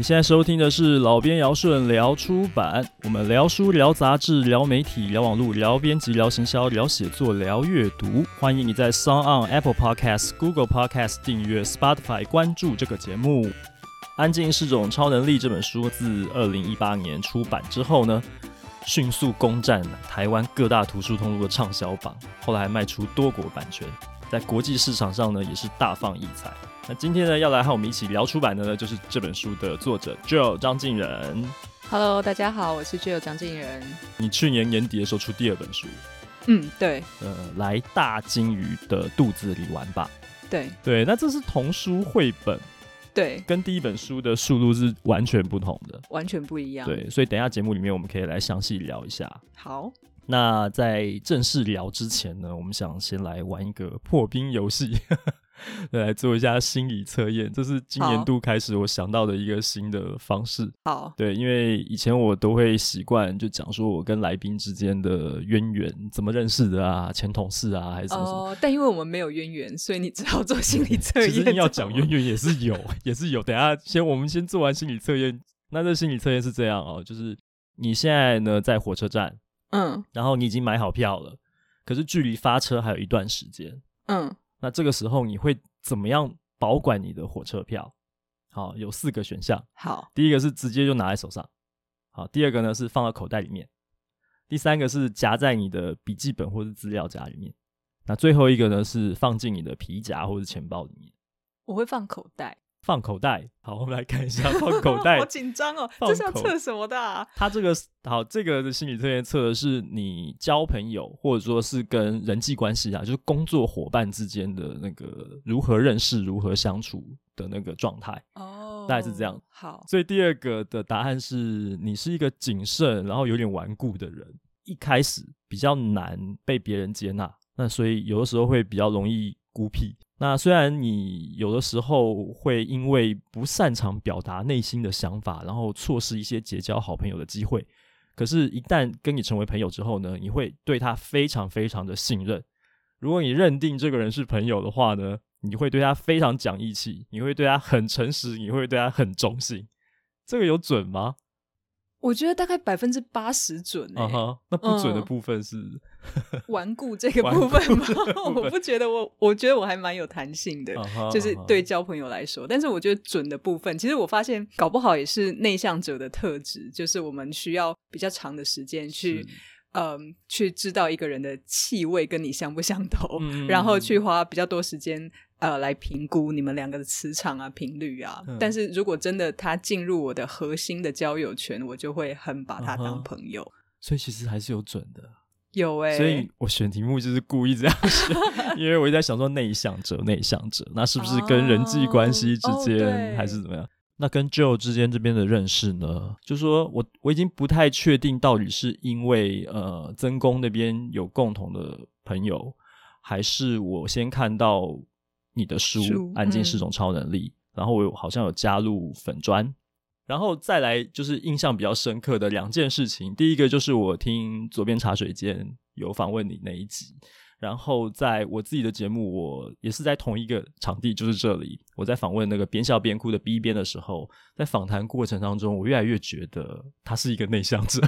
你現在收聽的是老邊堯舜聊出版，我們聊書、聊雜誌、聊媒體、聊網路、聊編輯、聊行銷、聊寫作、聊閱讀。歡迎你在 Sound On、Apple Podcasts、Google Podcasts 訂閱、Spotify 關注這個節目。《安靜是種超能力》這本書自二零一八年出版之後呢，迅速攻占了台灣各大圖書通路的暢銷榜，後來還賣出多國版權。在國際市場上呢，也是大放異彩。那今天呢，要來和我們一起聊出版的呢，就是這本書的作者 Jill 張瀞仁。Hello，大家好，我是 Jill 張瀞仁。你去年年底的時候出第二本書，嗯，對。呃，來大鯨魚的肚子裡玩吧。對對，那這是童書繪本，對，跟第一本書的速度是完全不同的，完全不一樣。對，所以等一下節目裡面我們可以來詳細聊一下。好。那在正式聊之前呢，我們想先來玩一個破冰遊戲呵呵，來做一下心理測驗。這是今年度開始我想到的一個新的方式。好，對，因為以前我都會習慣就講說我跟來賓之間的淵源，怎麼認識的啊，前同事啊，還是什麼什麼。哦，但因為我們沒有淵源，所以你只好做心理測驗。其實你要講淵源也是有，也是有。等一下先，我們先做完心理測驗。那這心理測驗是這樣哦，就是你現在呢在火車站。嗯，然後你已經買好票了，可是距離發車還有一段時間。嗯，那這個時候你會怎麼樣保管你的火車票？好，有四個選項。好，第一個是直接就拿在手上。好，第二個呢是放到口袋裡面。第三個是夾在你的筆記本或者資料夾裡面。那最後一個呢是放進你的皮夾或者錢包裡面。我會放口袋。放口袋，好，我們來看一下放口袋。好緊張哦，哦這是要測什麼的啊？他這個好，這個心理測驗測的是你交朋友或者說是跟人際關係啊，就是工作夥伴之間的那個如何認識、如何相處的那個狀態。哦，oh，大概是這樣。好，所以第二個的答案是你是一個謹慎，然後有點頑固的人，一開始比較難被別人接納，那所以有的時候會比較容易孤僻。那雖然你有的時候會因為不擅長表達內心的想法，然後錯失一些結交好朋友的機會，可是，一旦跟你成為朋友之後呢，你會對他非常非常的信任。如果你認定這個人是朋友的話呢，你會對他非常講義氣，你會對他很誠實，你會對他很忠心。這個有準嗎？我覺得大概百分之八十準，誒、欸啊，那不準的部分是頑、嗯、固這個部分嗎？分 我不覺得我，我我覺得我還蠻有彈性的、啊，就是對交朋友來說、啊。但是我覺得準的部分，其實我發現搞不好也是內向者的特質，就是我們需要比較長的時間去，嗯，去知道一個人的氣味跟你相不相投、嗯，然後去花比較多時間。呃，來評估你們兩個的磁場啊、頻率啊、嗯。但是如果真的他進入我的核心的交友圈，我就會很把他當朋友。Uh -huh. 所以其實還是有準的，有哎、欸。所以我選題目就是故意這樣選， 因為我一直在想說內向者，內 向者那是不是跟人際關係之間、oh, 還是怎麼樣？Oh, 那跟 Jill 之間這邊的認識呢？就是說我我已經不太確定，到底是因為呃，曾公那邊有共同的朋友，還是我先看到。你的書《安靜是種超能力》嗯，然後我好像有加入粉專，然後再來就是印象比較深刻的兩件事情。第一個就是我聽左邊茶水間有訪問你那一集，然後在我自己的節目，我也是在同一個場地，就是這裡，我在訪問那個邊笑邊哭的 B 邊的時候，在訪談過程當中，我越來越覺得他是一個內向者，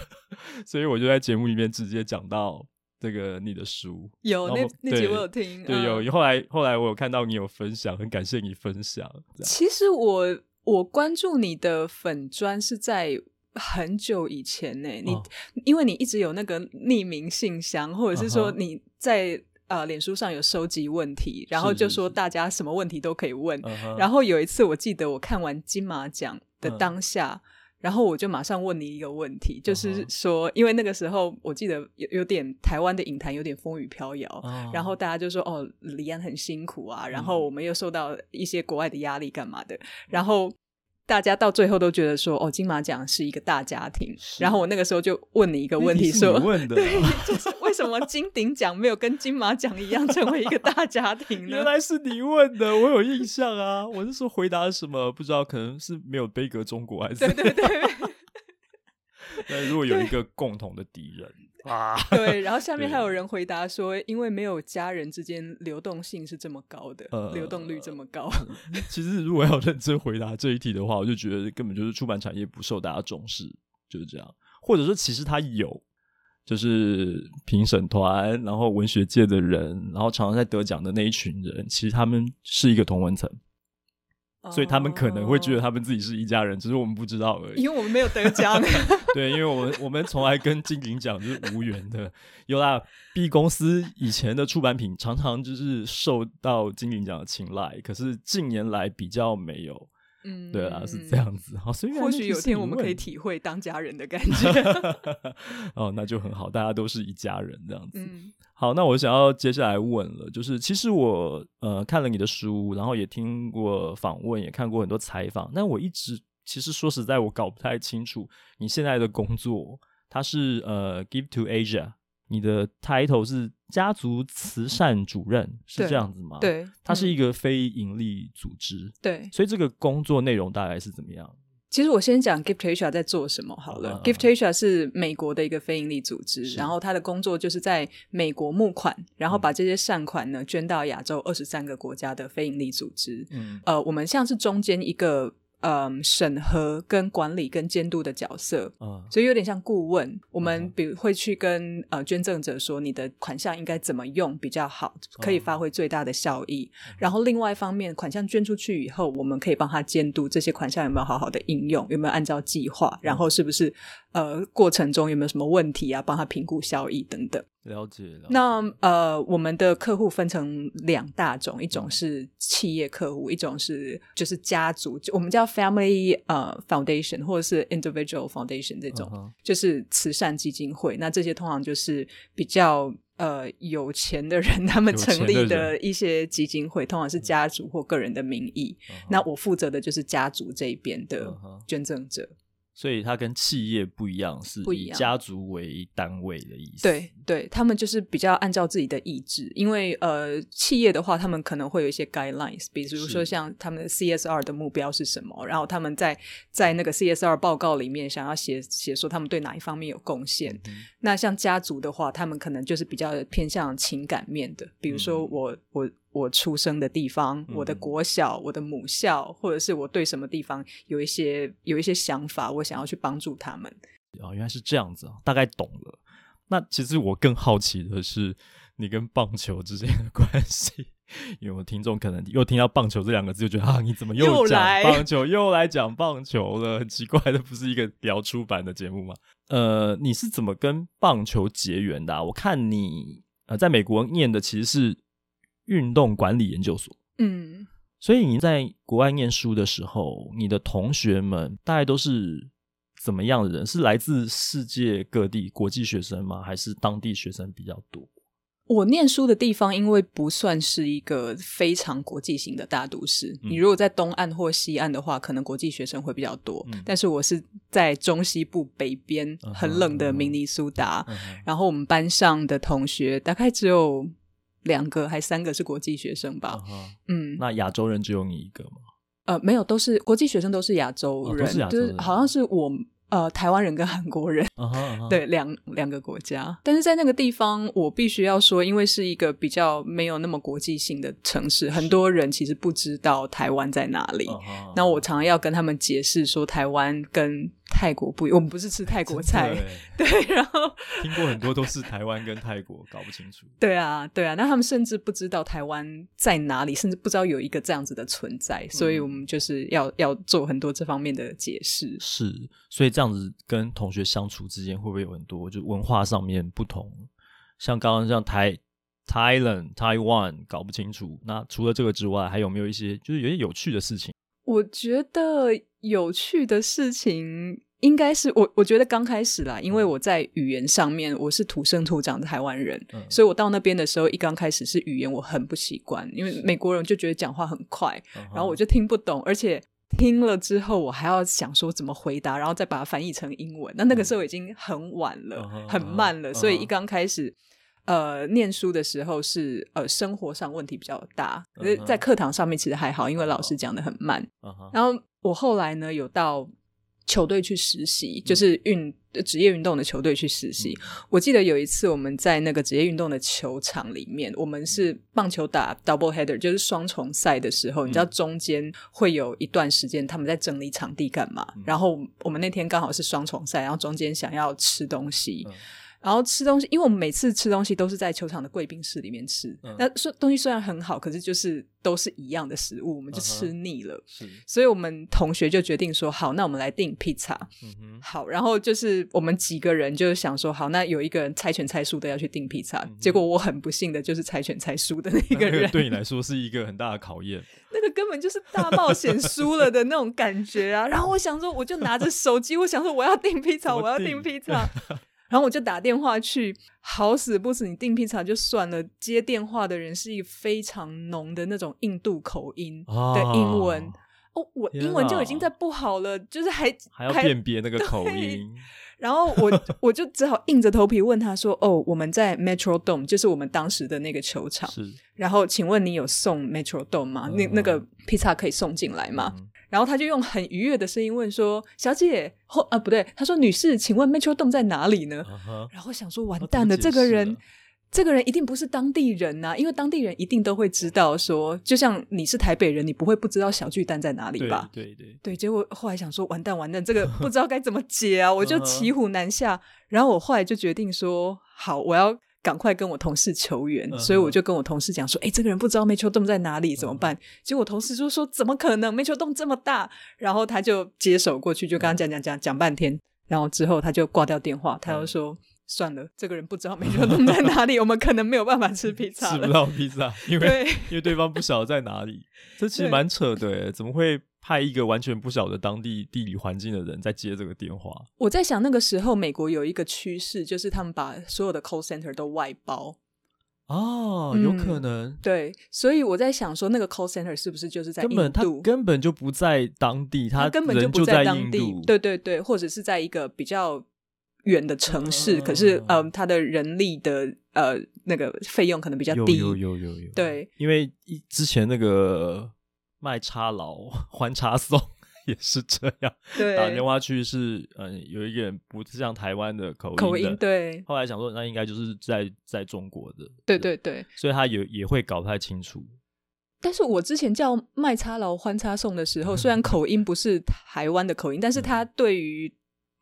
所以我就在節目裡面直接講到。這個你的書有那，那集我有聽，對、嗯、有後來後來我有看到你有分享，很感謝你分享。其實我我關注你的粉專是在很久以前呢，你、哦、因為你一直有那個匿名信箱，或者是說你在啊、呃、臉書上有收集問題，然後就說大家什麼問題都可以問。是是是，然後有一次我記得我看完金馬獎的當下。啊然後我就馬上問你一個問題，就是說，Uh-huh. 因為那個時候我記得有有點台灣的影壇有點風雨飄搖，Uh-huh. 然後大家就說哦，李安很辛苦啊，然後我們又受到一些國外的壓力幹嘛的，Uh-huh. 然後。大家到最後都覺得說，哦，金馬獎是一個大家庭。然後我那個時候就問你一個問題，題是你問的說，對，就是為什麼金鼎獎沒有跟金馬獎一樣成為一個大家庭呢？ 原來是你問的，我有印象啊，我就說回答什麼不知道，可能是沒有杯葛中國還是對對對。 那如果有一個共同的敵人啊，對，然後下面還有人回答說，因為沒有家人之間流動性是這麼高的，呃，流動率這麼高。其實如果要認真回答這一題的話，我就覺得根本就是出版產業不受大家重視，就是這樣。或者說，其實他有，就是評審團，然後文學界的人，然後常常在得獎的那一群人，其實他們是一個同溫層。所以他們可能會覺得他們自己是一家人，哦、只是我們不知道而已。因為我們沒有得獎。 對， 因為我們我們從來跟金鼎獎是無緣的。有 啦，B 公司以前的出版品常常就是受到金鼎獎的青睞，可是近年來比較沒有。嗯， 對啊，是這樣子。好，所以，或許有天我們可以體會當家人的感覺。 哦，那就很好，大家都是一家人這樣子。好，那我想要接下來問了，就是其實我呃看了你的書，然後也聽過訪問，也看過很多採訪。但我一直其實說實在，我搞不太清楚你現在的工作，它是呃 Give2Asia。你的 title 是家族慈善主任，是這樣子嗎？對，它是一個非營利組織。對、嗯，所以這個工作內容大概是怎麼樣？其實我先講 Give2Asia 在做什麼好了。啊啊啊、Give2Asia 是美國的一個非營利組織，然後他的工作就是在美國募款，然後把這些善款呢、嗯、捐到亞洲二十三個國家的非營利組織。嗯，呃，我們像是中間一個嗯，審核跟管理跟監督的角色，uh, 所以有點像顧問。Okay. 我們比如會去跟呃捐贈者說，你的款項應該怎麼用比較好，可以發揮最大的效益。Uh-huh. 然後另外一方面，款項捐出去以後，我們可以幫他監督這些款項有沒有好好的應用，有沒有按照計劃，然後是不是、uh-huh. 呃過程中有沒有什麼問題啊？幫他評估效益等等。了解了那。那呃，我們的客戶分成兩大種，一種是企業客戶，一種是就是家族，就我們叫 family 呃 foundation 或者是 individual foundation 這種、嗯，就是慈善基金會。那這些通常就是比較呃有錢的人他們成立的一些基金會，通常是家族或個人的名義。嗯、那我負責的就是家族這一邊的捐贈者。嗯所以它跟企業不一樣，是以家族為單位的意思。對，對，他們就是比較按照自己的意志，因為呃，企業的話，他們可能會有一些 guidelines，比比如說像他們的 CSR 的目標是什麼，然後他們在在那個 CSR 報告裡面想要寫寫說他們對哪一方面有貢獻、嗯。那像家族的話，他們可能就是比較偏向情感面的，比如說我、嗯、我。我出生的地方，嗯，我的國小，我的母校，或者是我對什麼地方有一些有一些想法，我想要去幫助他們。哦，原來是這樣子啊，大概懂了。那其實我更好奇的是你跟棒球之間的關係，因為我聽眾可能又聽到棒球這兩個字，就覺得啊，你怎麼又來棒球又來，又來講棒球了？很奇怪，這不是一個聊出版的節目嗎？呃，你是怎麼跟棒球結緣的啊？我看你呃，在美國念的其實是。運動管理研究所。嗯，所以你在國外念書的時候，你的同學們大概都是怎麼樣的人？是來自世界各地國際學生嗎？還是當地學生比較多？我念書的地方因為不算是一個非常國際型的大都市，嗯，你如果在東岸或西岸的話，可能國際學生會比較多，嗯。但是我是在中西部北邊很冷的明尼蘇達，嗯，然後我們班上的同學大概只有。兩個還三個是國際學生吧？嗯，那亞洲人只有你一個嗎？呃，沒有，都是國際學生，都是亞洲人，就是，好像是我，呃，台灣人跟韓國人，對，兩，兩個國家。但是在那個地方，我必須要說，因為是一個比較沒有那麼國際性的城市，很多人其實不知道台灣在哪裡。那我常常要跟他們解釋說，台灣跟。泰國不，我們不是吃泰國菜，哎、對。然後聽過很多都是台灣跟泰國 搞不清楚，對啊，對啊。那他們甚至不知道台灣在哪裡，甚至不知道有一個這樣子的存在，嗯、所以我們就是要要做很多這方面的解釋。是，所以這樣子跟同學相處之間會不會有很多就文化上面不同？像剛剛像台 Thailand Taiwan 搞不清楚。那除了這個之外，還有沒有一些就是有些有趣的事情？我覺得。有趣的事情應該是我，我覺得剛開始啦，因為我在語言上面，我是土生土長的台灣人，所以我到那邊的時候一剛開始是語言我很不習慣，因為美國人就覺得講話很快，然後我就聽不懂，而且聽了之後我還要想說怎麼回答，然後再把它翻譯成英文。那那個時候已經很晚了，很慢了，所以一剛開始，呃，念書的時候是呃生活上問題比較大，可是在課堂上面其實還好，因為老師講得很慢，然後。我後來呢，有到球隊去實習，就是運職業運動的球隊去實習。嗯。我記得有一次我們在那個職業運動的球場裡面，我們是棒球打 double header，就是雙重賽的時候，你知道中間會有一段時間他們在整理場地幹嘛？嗯。然後我們那天剛好是雙重賽，然後中間想要吃東西。嗯然後吃東西，因為我們每次吃東西都是在球場的貴賓室裡面吃。嗯、那說東西雖然很好，可是就是都是一樣的食物，我們就吃膩了。啊、所以我們同學就決定說：“好，那我們來訂披薩。嗯”好，然後就是我們幾個人就是想說：“好，那有一個人猜拳猜輸的要去訂披薩。”結果我很不幸的就是猜拳猜輸的那個人，啊那個、對你來說是一個很大的考驗。 那個根本就是大冒險輸了的那種感覺啊！ 然後我想說，我就拿着手機， 我想說我要訂披薩，我要訂披薩。 然後我就打電話去，好死不死你訂披薩就算了。接電話的人是一個非常濃的那種印度口音的英文。哦，哦我英文就已經在不好了，啊、就是還還要辨別那個口音。然後我我就只好硬着頭皮問他，說：“ 哦，我們在 Metro Dome，就是我們當時的那個球場。是然後請問你有送 Metro Dome 嗎？嗯、那那個披薩可以送進來嗎？”嗯然後他就用很愉悅的聲音問說：“小姐，或啊不對，他說女士，請問 metro 洞在哪裡呢？” uh -huh, 然後想說：“完蛋了，了，這個人，這個人一定不是當地人呐、啊，因為當地人一定都會知道說，說就像你是台北人，你不會不知道小巨蛋在哪裡吧？對對對，對，對。結果後來想說：完蛋完蛋，這個不知道該怎麼解啊！ 我就騎虎難下。然後我後來就決定說：好，我要。”趕快跟我同事求援，所以我就跟我同事講說：“哎、嗯，這個人不知道 Metrodome 在哪裡，怎麼辦、嗯？”結果同事就說：“怎麼可能？Metrodome 這麼大。”然後他就接手過去，就跟他講、嗯、講講講半天，然後之後他就掛掉電話，他就說：“嗯、算了，這個人不知道 Metrodome 在哪裡， 我們可能沒有辦法吃披薩，吃不到披薩，因為對 因為對方不曉得在哪裡。這其實蠻扯的耶，怎麼會？”派一個完全不曉得當地地理環境的人在接這個電話，我在想那個時候美國有一個趨勢，就是他們把所有的 call center 都外包。哦、啊嗯，有可能，對，所以我在想說，那個 call center 是不是就是在印度？根本他根本就不在當地，他、啊、根本就不在當地，對對對，或者是在一個比較遠的城市，嗯、可是嗯，他、呃、的人力的呃那個費用可能比較低，有有有有，有，有，有對，因為之前那個。賣茶老歡茶送也是這樣。對，打電話去是嗯，有一點不像台灣的口音，的口音。對，後來想說那應該就是在在中國的、的。對對對，所以他也也會搞不太清楚。但是我之前叫賣茶老歡茶送的時候，雖然口音不是台灣的口音， 但是他對於。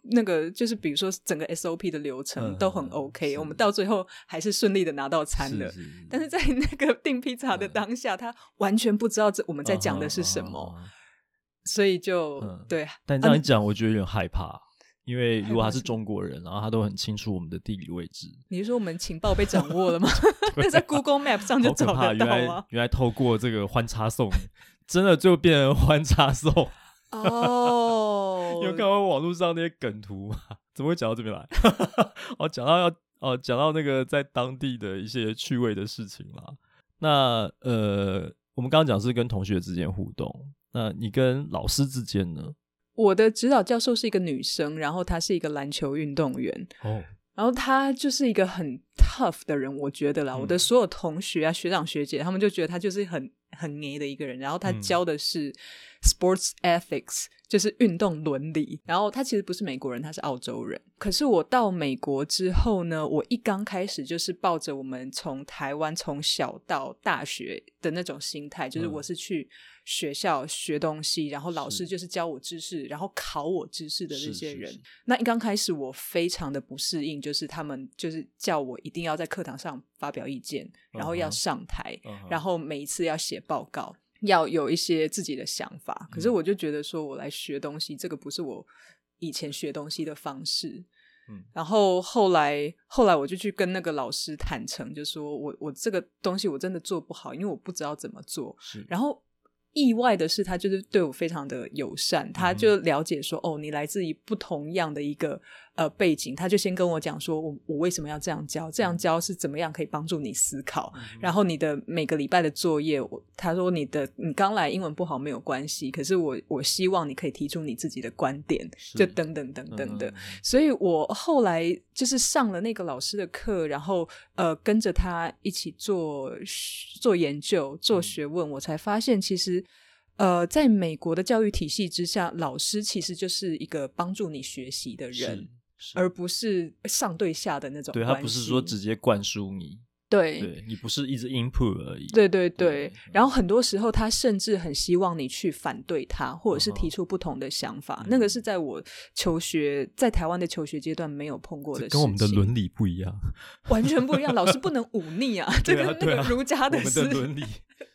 那個就是，比如說整個 SOP 的流程都很 OK、嗯、我們到最後還是順利的拿到餐了。但是在那個訂披薩的當下，嗯，他完全不知道這我們在講的是什麼，嗯、所以就，嗯、對。但這樣一講，我覺得有點害怕，啊，因為如果他是中國人，然後他都很清楚我們的地理位置，你是說我們情報被掌握了嗎？那 對、啊、 在 Google Map 上就找得到嗎？原來原來透過這個歡茶送， 真的就變成歡茶送。哦、 oh，有看完網絡上那些梗圖嗎？怎麼會講到這邊來 哦？哦，講到要哦，講到那個在當地的一些趣味的事情啦。那呃，我們剛剛講是跟同學之間互動，那你跟老師之間呢？我的指導教授是一個女生，然後她是一個籃球運動員，哦、oh.，然後她就是一個很 tough 的人，我覺得啦、嗯，我的所有同學啊、學長學姐，他們就覺得她就是很。很 A 的一個人，然後他教的是 sports ethics，嗯，就是運動倫理。然後他其實不是美國人，他是澳洲人，可是我到美國之後呢，我一剛開始就是抱着我們從台灣從小到大學的那種心態，就是我是去學校學東西，然後老師就是教我知識，然後考我知識的那些人。是是是，那一剛開始我非常的不適應，就是他們就是叫我一定要在課堂上發表意見，然後要上台，uh -huh. 然後每一次要寫報告，uh -huh. 要有一些自己的想法。可是我就覺得說，我來學東西，這個不是我以前學東西的方式。嗯、uh -huh.，然後後來後來我就去跟那個老師坦誠，就說我我這個東西我真的做不好，因為我不知道怎麼做。然後。意外的是，他就是對我非常的友善，他就了解說，哦，你來自於不同樣的一個，呃，背景，他就先跟我講說我，我我為什麼要這樣教？這樣教是怎麼樣可以幫助你思考？嗯、然後你的每個禮拜的作業，我他說你的你剛來英文不好沒有關係，可是我我希望你可以提出你自己的觀點，就等等等等的。嗯、所以我後來就是上了那個老師的課，然後呃跟着他一起做做研究、做學問，嗯、我才發現其實呃在美國的教育體系之下，老師其實就是一個幫助你學習的人。而不是上對下的那種，對，他不是說直接灌輸你，對，對你不是一直 input 而已，對對對、對。然後很多時候，他甚至很希望你去反對他，或者是提出不同的想法。嗯、那個是在我求學在台灣的求學階段沒有碰過的事，跟我們的倫理不一樣，完全不一樣。老師不能忤逆啊， 啊這個那個儒家的思,、啊、我們的倫理。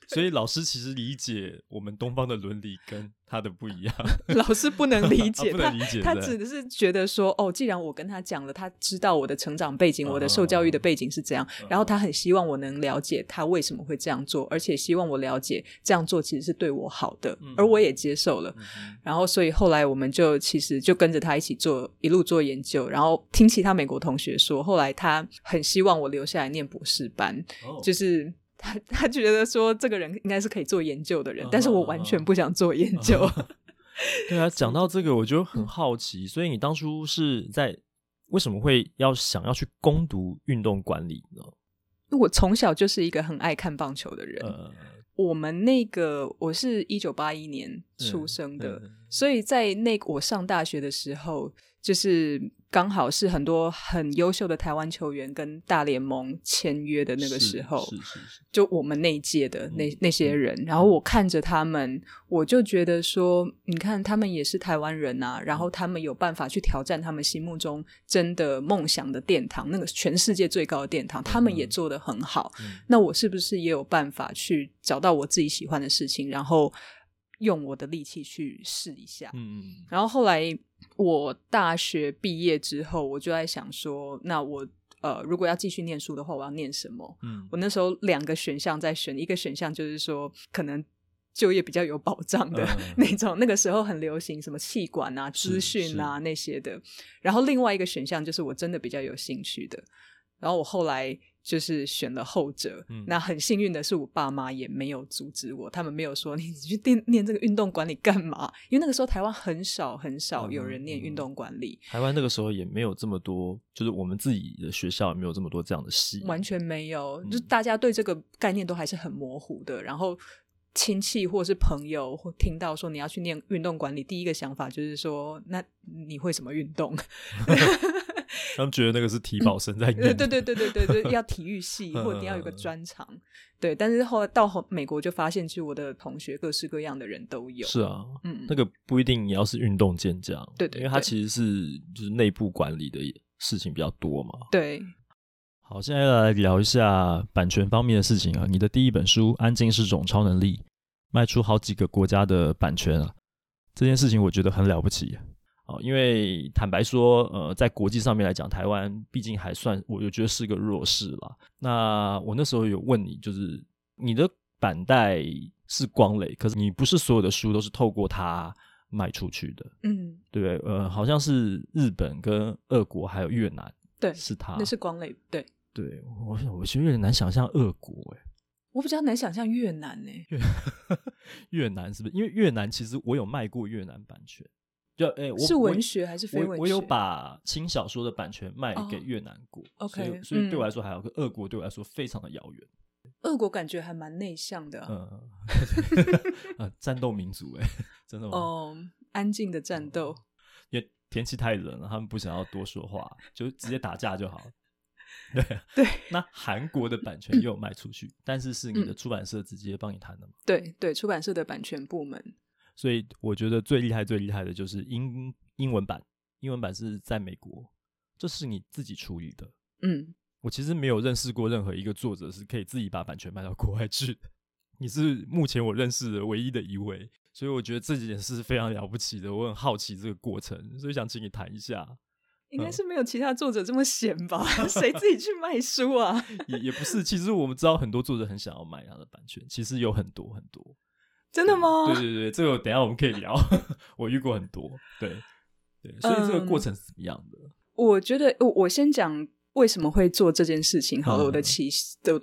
所以老師其實理解我們東方的倫理跟他的不一樣， 老師不能理解， 啊、他、啊、理解是是他指的是覺得說，哦，既然我跟他講了，他知道我的成長背景，哦、我的受教育的背景是這樣、哦，然後他很希望我能了解他為什麼會這樣做，哦、而且希望我了解這樣做其實是對我好的，嗯、而我也接受了。嗯、然後，所以後來我們就其實就跟着他一起做一路做研究，然後聽其他美國同學說，後來他很希望我留下來念博士班，哦、就是。他覺得說這個人應該是可以做研究的人，但是我完全不想做研究。Uh -huh. Uh -huh. 對啊，講到這個，我就很好奇、 嗯，所以你當初是在為什麼會要想要去攻讀運動管理呢？我從小就是一個很愛看棒球的人。Uh -huh. 我們那個我是一九八一年出生的，uh -huh. 所以在那個我上大學的時候就是。剛好是很多很優秀的台灣球員跟大聯盟簽約的那個時候，就我們那一屆的那、嗯、那些人，然後我看着他們，我就覺得說，你看他們也是台灣人啊，然後他們有辦法去挑戰他們心目中真的夢想的殿堂，那個全世界最高的殿堂，嗯、他們也做得很好、嗯。那我是不是也有辦法去找到我自己喜歡的事情，然後用我的力氣去試一下嗯嗯？然後後來。我大學畢業之後，我就在想說，那我呃，如果要繼續念書的話，我要念什麼？嗯，我那時候兩個選項在選，一個選項就是說可能就業比較有保障的那種，嗯、那個時候很流行什麼企管啊、資訊啊那些的。然後另外一個選項就是我真的比較有興趣的。然後我後來。就是選了後者，嗯、那很幸運的是，我爸媽也沒有阻止我，他們沒有說，你去念念這個運動管理幹嘛，因為那個時候台灣很少很少有人念運動管理、嗯嗯，台灣那個時候也沒有這麼多，就是我們自己的學校也沒有這麼多這樣的系。完全沒有，就大家對這個概念都還是很模糊的。然後親戚或者是朋友會聽到說你要去念運動管理，第一個想法就是說，那你會什麼運動？ 他們覺得那個是體保生在唸的、嗯，對對對對對對對， 要體育系或你要有個專長、嗯，對。但是後來到美國就發現，其實我的同學各式各樣的人都有。是啊，嗯，嗯，那個不一定你要是運動健將，對對、對、對，因為他其實是就是內部管理的事情比較多嘛。對。好，現在來聊一下版權方面的事情啊。你的第一本書《安靜是種超能力》賣出好幾個國家的版權啊，這件事情我覺得很了不起、啊。哦，因為坦白說，呃，在國際上面來講，台灣畢竟還算，我就覺得是個弱勢啦。那我那時候有問你，就是你的版帶是光磊，可是你不是所有的書都是透過它賣出去的，嗯，對，呃，好像是日本跟俄國還有越南，對，是他，那是光磊，對，對我，我其實有點難想象俄國、欸，哎，我比較難想象越南、欸，哎， 越南是不是？因為越南其實我有賣過越南版權。就哎、欸，我是文學還是非文學？我，我有把輕小說的版權賣給越南國，oh, okay, 所以所以對我來說還好，還有個俄國，對我來說非常的遙遠。俄國感覺還蠻內向的，啊，嗯， 嗯，戰鬥民族，哎，真的嗎？哦，oh，安靜的戰鬥。因為天氣太冷了，他們不想要多說話，就直接打架就好了。對對。那韓國的版權又有賣出去， 但是是你的出版社直接幫你談的嗎？對對，出版社的版權部門。所以我覺得最厲害、最厲害的就是英英文版，英文版是在美國，這是你自己處理的。嗯，我其實沒有認識過任何一個作者是可以自己把版權賣到國外去。你是目前我認識的唯一的一位，所以我覺得這幾件事非常了不起的。我很好奇這個過程，所以想請你談一下。應該是沒有其他作者這麼閒吧？誰 自己去賣書啊？ 也也不是，其實我們知道很多作者很想要賣他的版權，其實有很多很多。真的嗎？對，對對對，這個等一下我們可以聊。 我遇過很多，對對，所以這個過程是怎麼樣的？嗯，我覺得我，我先講為什麼會做這件事情好了，嗯。我的起，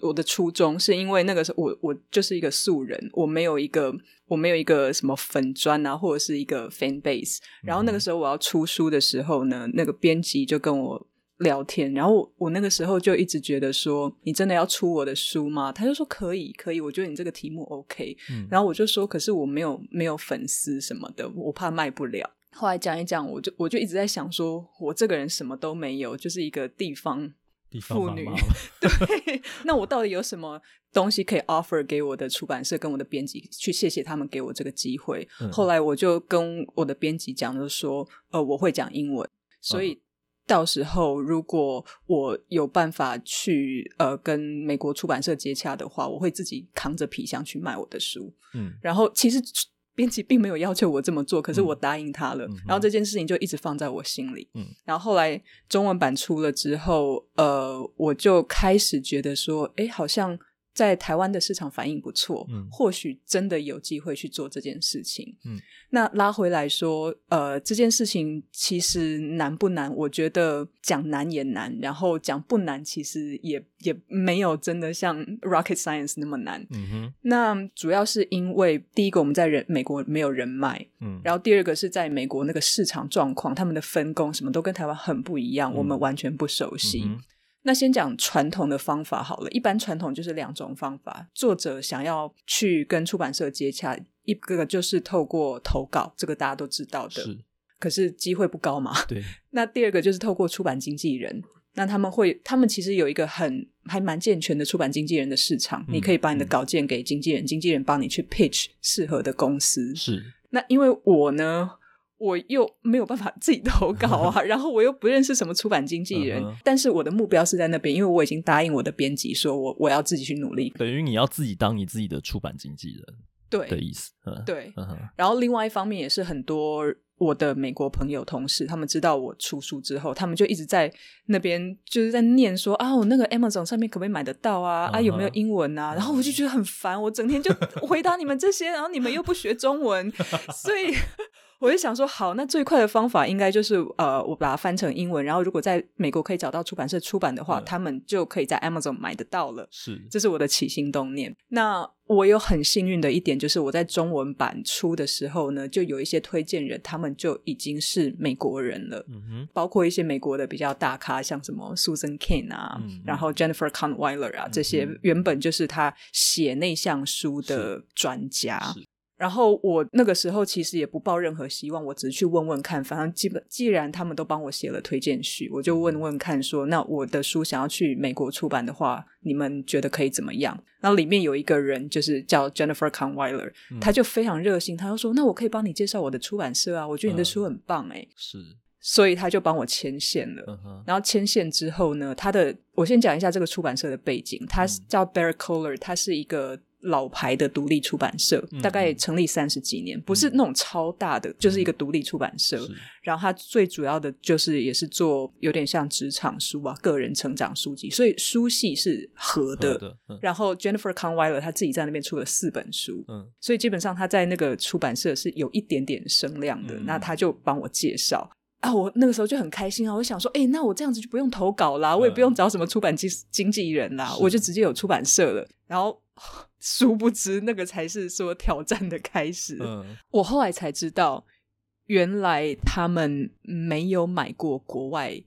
我的初衷是因為那個時候我我就是一個素人，我沒有一個我沒有一個什麼粉專啊，或者是一個 fan base。然後那個時候我要出書的時候呢，那個編輯就跟我。聊天，然後我我那個時候就一直覺得說，你真的要出我的書嗎？他就說可以，可以，我覺得你這個題目 OK。嗯、然後我就說，可是我沒有沒有粉絲什麼的，我怕賣不了。後來講一講，我就我就一直在想說，我這個人什麼都沒有，就是一個地方婦女。 對，那我到底有什麼東西可以 offer 給我的出版社跟我的編輯？去謝謝他們給我這個機會。嗯、後來我就跟我的編輯講了，就說呃，我會講英文，所以。嗯到時候，如果我有辦法去呃跟美國出版社接洽的話，我會自己扛着皮箱去賣我的書。嗯，然後其實編輯並沒有要求我這麼做，可是我答應他了。嗯，然後這件事情就一直放在我心裡。嗯，然後後來中文版出了之後，呃，我就開始覺得說，哎，好像。在台灣的市場反應不錯，嗯，或許真的有機會去做這件事情，嗯。那拉回來說，呃，這件事情其實難不難？我覺得講難也難，然後講不難，其實也也沒有真的像 rocket science 那麼難，嗯哼。那主要是因為第一個我們在人美國沒有人脈，嗯，然後第二個是在美國那個市場狀況，他們的分工什麼都跟台灣很不一樣，嗯，我們完全不熟悉。嗯嗯那先講傳統的方法好了，一般傳統就是兩種方法。作者想要去跟出版社接洽，一個就是透過投稿，這個大家都知道的，是。可是機會不高嘛。對。那第二個就是透過出版經紀人，那他們會，他們其實有一個很還蠻健全的出版經紀人的市場，嗯，你可以把你的稿件給經紀人，嗯，經紀人幫你去 pitch 適合的公司。是。那因為我呢？我又沒有辦法自己投稿啊， 然後我又不認識什麼出版經紀人， 但是我的目標是在那邊，因為我已經答應我的編輯說我，我我要自己去努力，等於你要自己當你自己的出版經紀人，對的意思。對， 然後另外一方面也是很多我的美國朋友同事，他們知道我出書之後，他們就一直在那邊就是在念說啊，我、 哦、那個 Amazon 上面可不可以買得到啊？ 啊，有沒有英文啊？ 然後我就覺得很煩，我整天就回答你們這些， 然後你們又不學中文， 所以。 我就想說，好，那最快的方法應該就是，呃，我把它翻成英文，然後如果在美國可以找到出版社出版的話，嗯、他們就可以在 Amazon 買得到了。是，這是我的起心動念。那我有很幸運的一點，就是我在中文版出的時候呢，就有一些推薦人，他們就已經是美國人了，嗯哼，包括一些美國的比較大咖，像什麼 Susan Cain 啊、嗯，然後 Jennifer Kahnweiler 啊、嗯，這些原本就是他寫內向書的專家。是是然後我那個時候其實也不抱任何希望，我只是去問問看。反正基本既然他們都幫我寫了推薦序，我就問問看說，說那我的書想要去美國出版的話，你們覺得可以怎麼樣？那裡面有一個人就是叫 Jennifer Kahnweiler，嗯、他就非常熱心，他就說，那我可以幫你介紹我的出版社啊，我覺得你的書很棒哎，欸嗯，是，所以他就幫我牽線了。嗯，然後牽線之後呢，他的我先講一下這個出版社的背景，他是叫 Berrett-Koehler，它是一個。老牌的獨立出版社，嗯，大概成立三十幾年，不是那種超大的，嗯、就是一個獨立出版社。嗯、然後它最主要的就是也是做有點像職場書啊、個人成長書籍，所以書系是合的。合的。嗯、然後 Jennifer Kahnweiler 他自己在那邊出了四本書，嗯、所以基本上他在那個出版社是有一點點聲量的，嗯、那他就幫我介紹。啊，我那個時候就很開心啊！我想說，哎、欸，那我這樣子就不用投稿啦，嗯、我也不用找什麼出版經經紀人啦，我就直接有出版社了。然後，殊不知那個才是說挑戰的開始。嗯、我後來才知道，原來他們沒有買過國外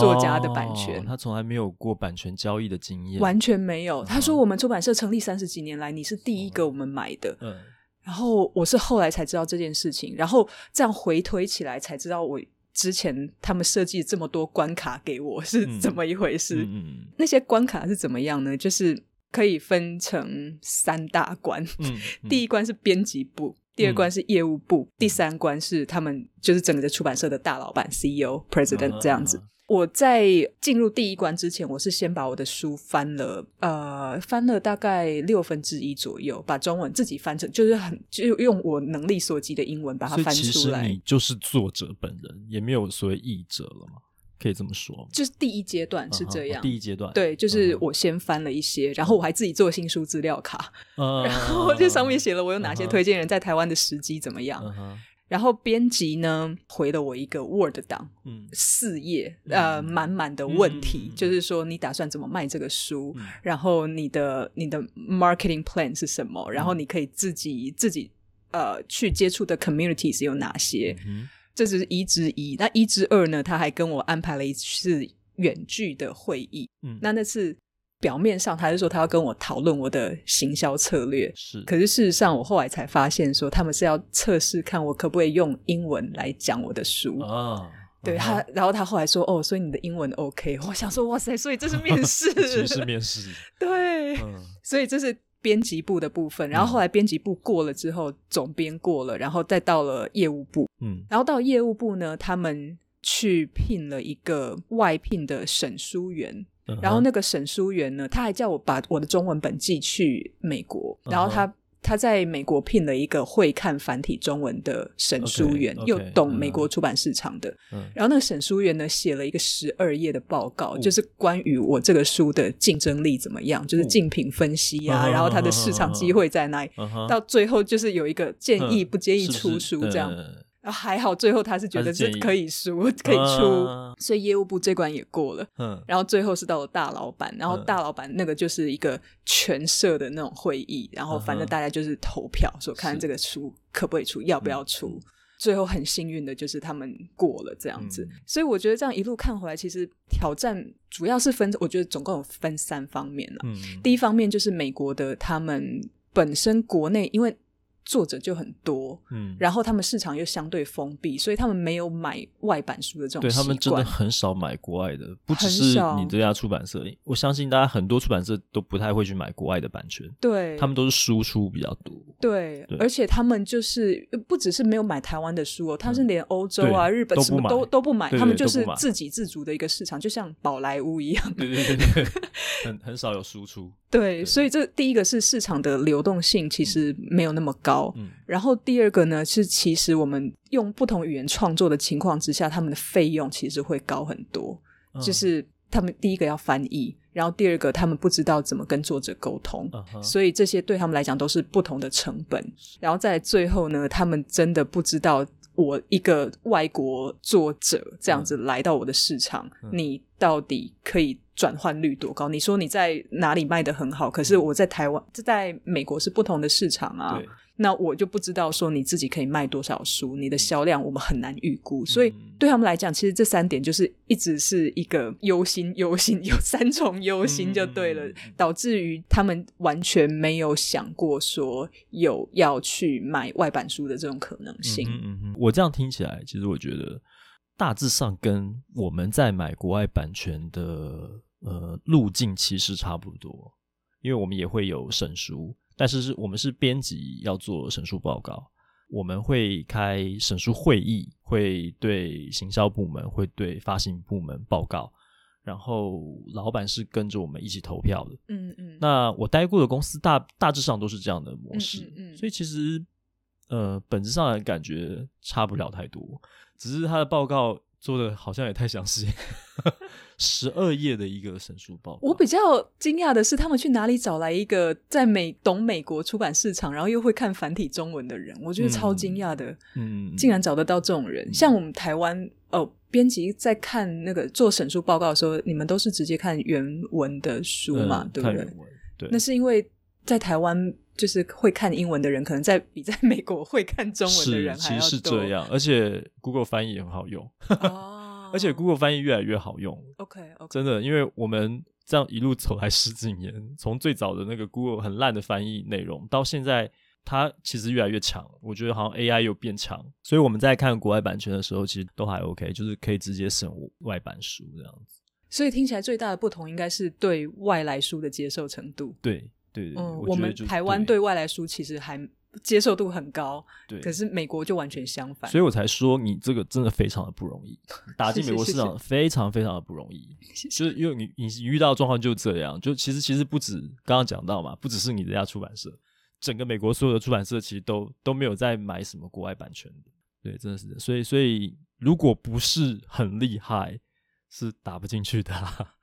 作家的版權，哦、他從來沒有過版權交易的經驗，完全沒有。他說，我們出版社成立三十幾年來，你是第一個我們買的、哦。嗯。然後我是後來才知道這件事情，然後這樣回推起來才知道我。之前他們設計這麼多關卡給我是怎麼一回事，嗯嗯嗯。那些關卡是怎麼樣呢？就是可以分成三大關，嗯嗯、第一關是編輯部，第二關是業務部，嗯，第三關是他們就是整個的出版社的大老闆，嗯、CEO、President 這樣子。啊啊啊我在進入第一關之前，我是先把我的書翻了，呃，翻了大概六分之一左右，把中文自己翻成，就是很就用我能力所及的英文把它翻出來。所以其實你就是作者本人，也沒有所謂譯者了嘛。可以這麼說，就是第一階段是這樣。Uh -huh. Oh, 第一階段，對，就是我先翻了一些，uh -huh. 然後我還自己做新書資料卡，uh -huh. 然後就上面寫了我有哪些推薦人，在台灣的時機怎麼樣。Uh -huh. Uh -huh. 然後編輯呢，回了我一個 Word 檔，嗯，四頁，呃，滿、嗯、滿的問題，嗯，就是說你打算怎麼賣這個書，嗯，然後你的你的 marketing plan 是什麼，嗯，然後你可以自己自己呃去接觸的 communities 有哪些，嗯，這只是一之一，那一之二呢，他還跟我安排了一次遠距的會議，嗯，那那次。表面上他是說他要跟我討論我的行銷策略，是。可是事實上我後來才發現說他們是要測試看我可不可以用英文來講我的書啊、哦。對、嗯、他，然後他後來說哦，所以你的英文 OK？我想說哇塞，所以這是面試，面 試面試。 對、嗯，所以這是編輯部的部分。然後後來編輯部過了之後，總編過了，然後再到了業務部，嗯，然後到業務部呢，他們去聘了一個外聘的審書員。然後那個審書員呢，他還叫我把我的中文本寄去美國。Uh -huh. 然後他他在美國聘了一個會看繁體中文的審書員，okay, okay, 又懂美國出版市場的。Uh -huh. 然後那個審書員呢，寫了一個十二頁的報告，uh -huh. 就是關於我這個書的競爭力怎麼樣，uh -huh. 就是競品分析啊，uh -huh. 然後它的市場機會在哪裡。Uh -huh. 到最後就是有一個建議不建議出書這樣。Uh -huh. 還好，最後他是覺得是可以輸，可以出，啊，所以業務部這關也過了。然後最後是到了大老闆，然後大老闆那個就是一個全社的那種會議，然後反正大家就是投票，說看這個書可不可以出，要不要出。嗯、最後很幸運的就是他們過了這樣子，嗯，所以我覺得這樣一路看回來，其實挑戰主要是分，我覺得總共有分三方面了，嗯。第一方面就是美國的他們本身國內，因為。作者就很多，嗯，然後他們市場又相對封閉，所以他們沒有買外版書的這種習慣。對，他們真的很少買國外的，不只是你這家出版社，我相信大家很多出版社都不太會去買國外的版權。對，他們都是輸出比較多。對，對，而且他們就是不只是沒有買台灣的書哦，他們是連歐洲啊、嗯、日本什麼都都不買，都都不買。對對對，他們就是自給自足的一個市場，對對對對對、嗯、就像寶萊塢一樣，對對，對，對很很少有輸出。 對，對，所以這第一個是市場的流動性其實沒有那麼高。嗯高、嗯，然後第二個呢是，其實我們用不同語言創作的情況之下，他們的費用其實會高很多，嗯。就是他們第一個要翻譯，然後第二個他們不知道怎麼跟作者溝通，嗯、所以這些對他們來講都是不同的成本。然後在最後呢，他們真的不知道我一個外國作者這樣子來到我的市場，嗯嗯，你到底可以轉換率多高？你說你在哪裡賣得很好，可是我在台灣，這、嗯、在美國是不同的市場啊。那我就不知道說你自己可以賣多少書，你的銷量我們很難預估。嗯，所以對他們來講，其實這三點就是一直是一個憂心、憂心、有三重憂心就對了，嗯，導致於他們完全沒有想過說有要去買外版書的這種可能性。嗯嗯嗯，我這樣聽起來，其實我覺得大致上跟我們在買國外版權的呃路徑其實差不多，因為我們也會有審書。但是是我們是編輯要做審書報告，我們會開審書會議，會對行銷部門、會對發行部門報告，然後老板是跟着我們一起投票的。嗯嗯。那我待過的公司大大致上都是這樣的模式，嗯,嗯,嗯所以其實，呃，本質上的感覺差不了太多，只是他的報告。做的好像也太詳細，十二頁的一個審書報告。我比較驚訝的是，他們去哪裡找來一個在美懂美國出版市場，然後又會看繁體中文的人？我覺得超驚訝的，嗯，竟然找得到這種人。嗯、像我們台灣哦，編輯在看那個做審書報告的時候，你們都是直接看原文的書嘛？嗯、對不對？看原文，對，那是因為在台灣。就是會看英文的人，可能在比在美國會看中文的人還要多。是，其實是這樣。而且 Google 翻譯也很好用，oh. 而且 Google 翻譯越來越好用。OK，OK，okay, okay. 真的，因為我們這樣一路走來十幾年，從最早的那個 Google 很爛的翻譯內容，到現在它其實越來越強。我覺得好像 AI 又變強，所以我們在看國外版權的時候，其實都還 OK，就是可以直接審外版書這樣子。所以聽起來最大的不同應該是對外來書的接受程度。對。對，對，對，嗯，我，我們台灣對外來書其實還接受度很高，對，可是美國就完全相反，所以我才說你這個真的非常的不容易，打進美國市場，非常非常的不容易，是是是是，就是因為你你遇到狀況就這樣，就其實其實不止剛剛講到嘛，不只是你這家出版社，整個美國所有的出版社其實都都沒有在買什麼國外版權的，對，真的是真的，所以所以如果不是很厲害，是打不進去的啊。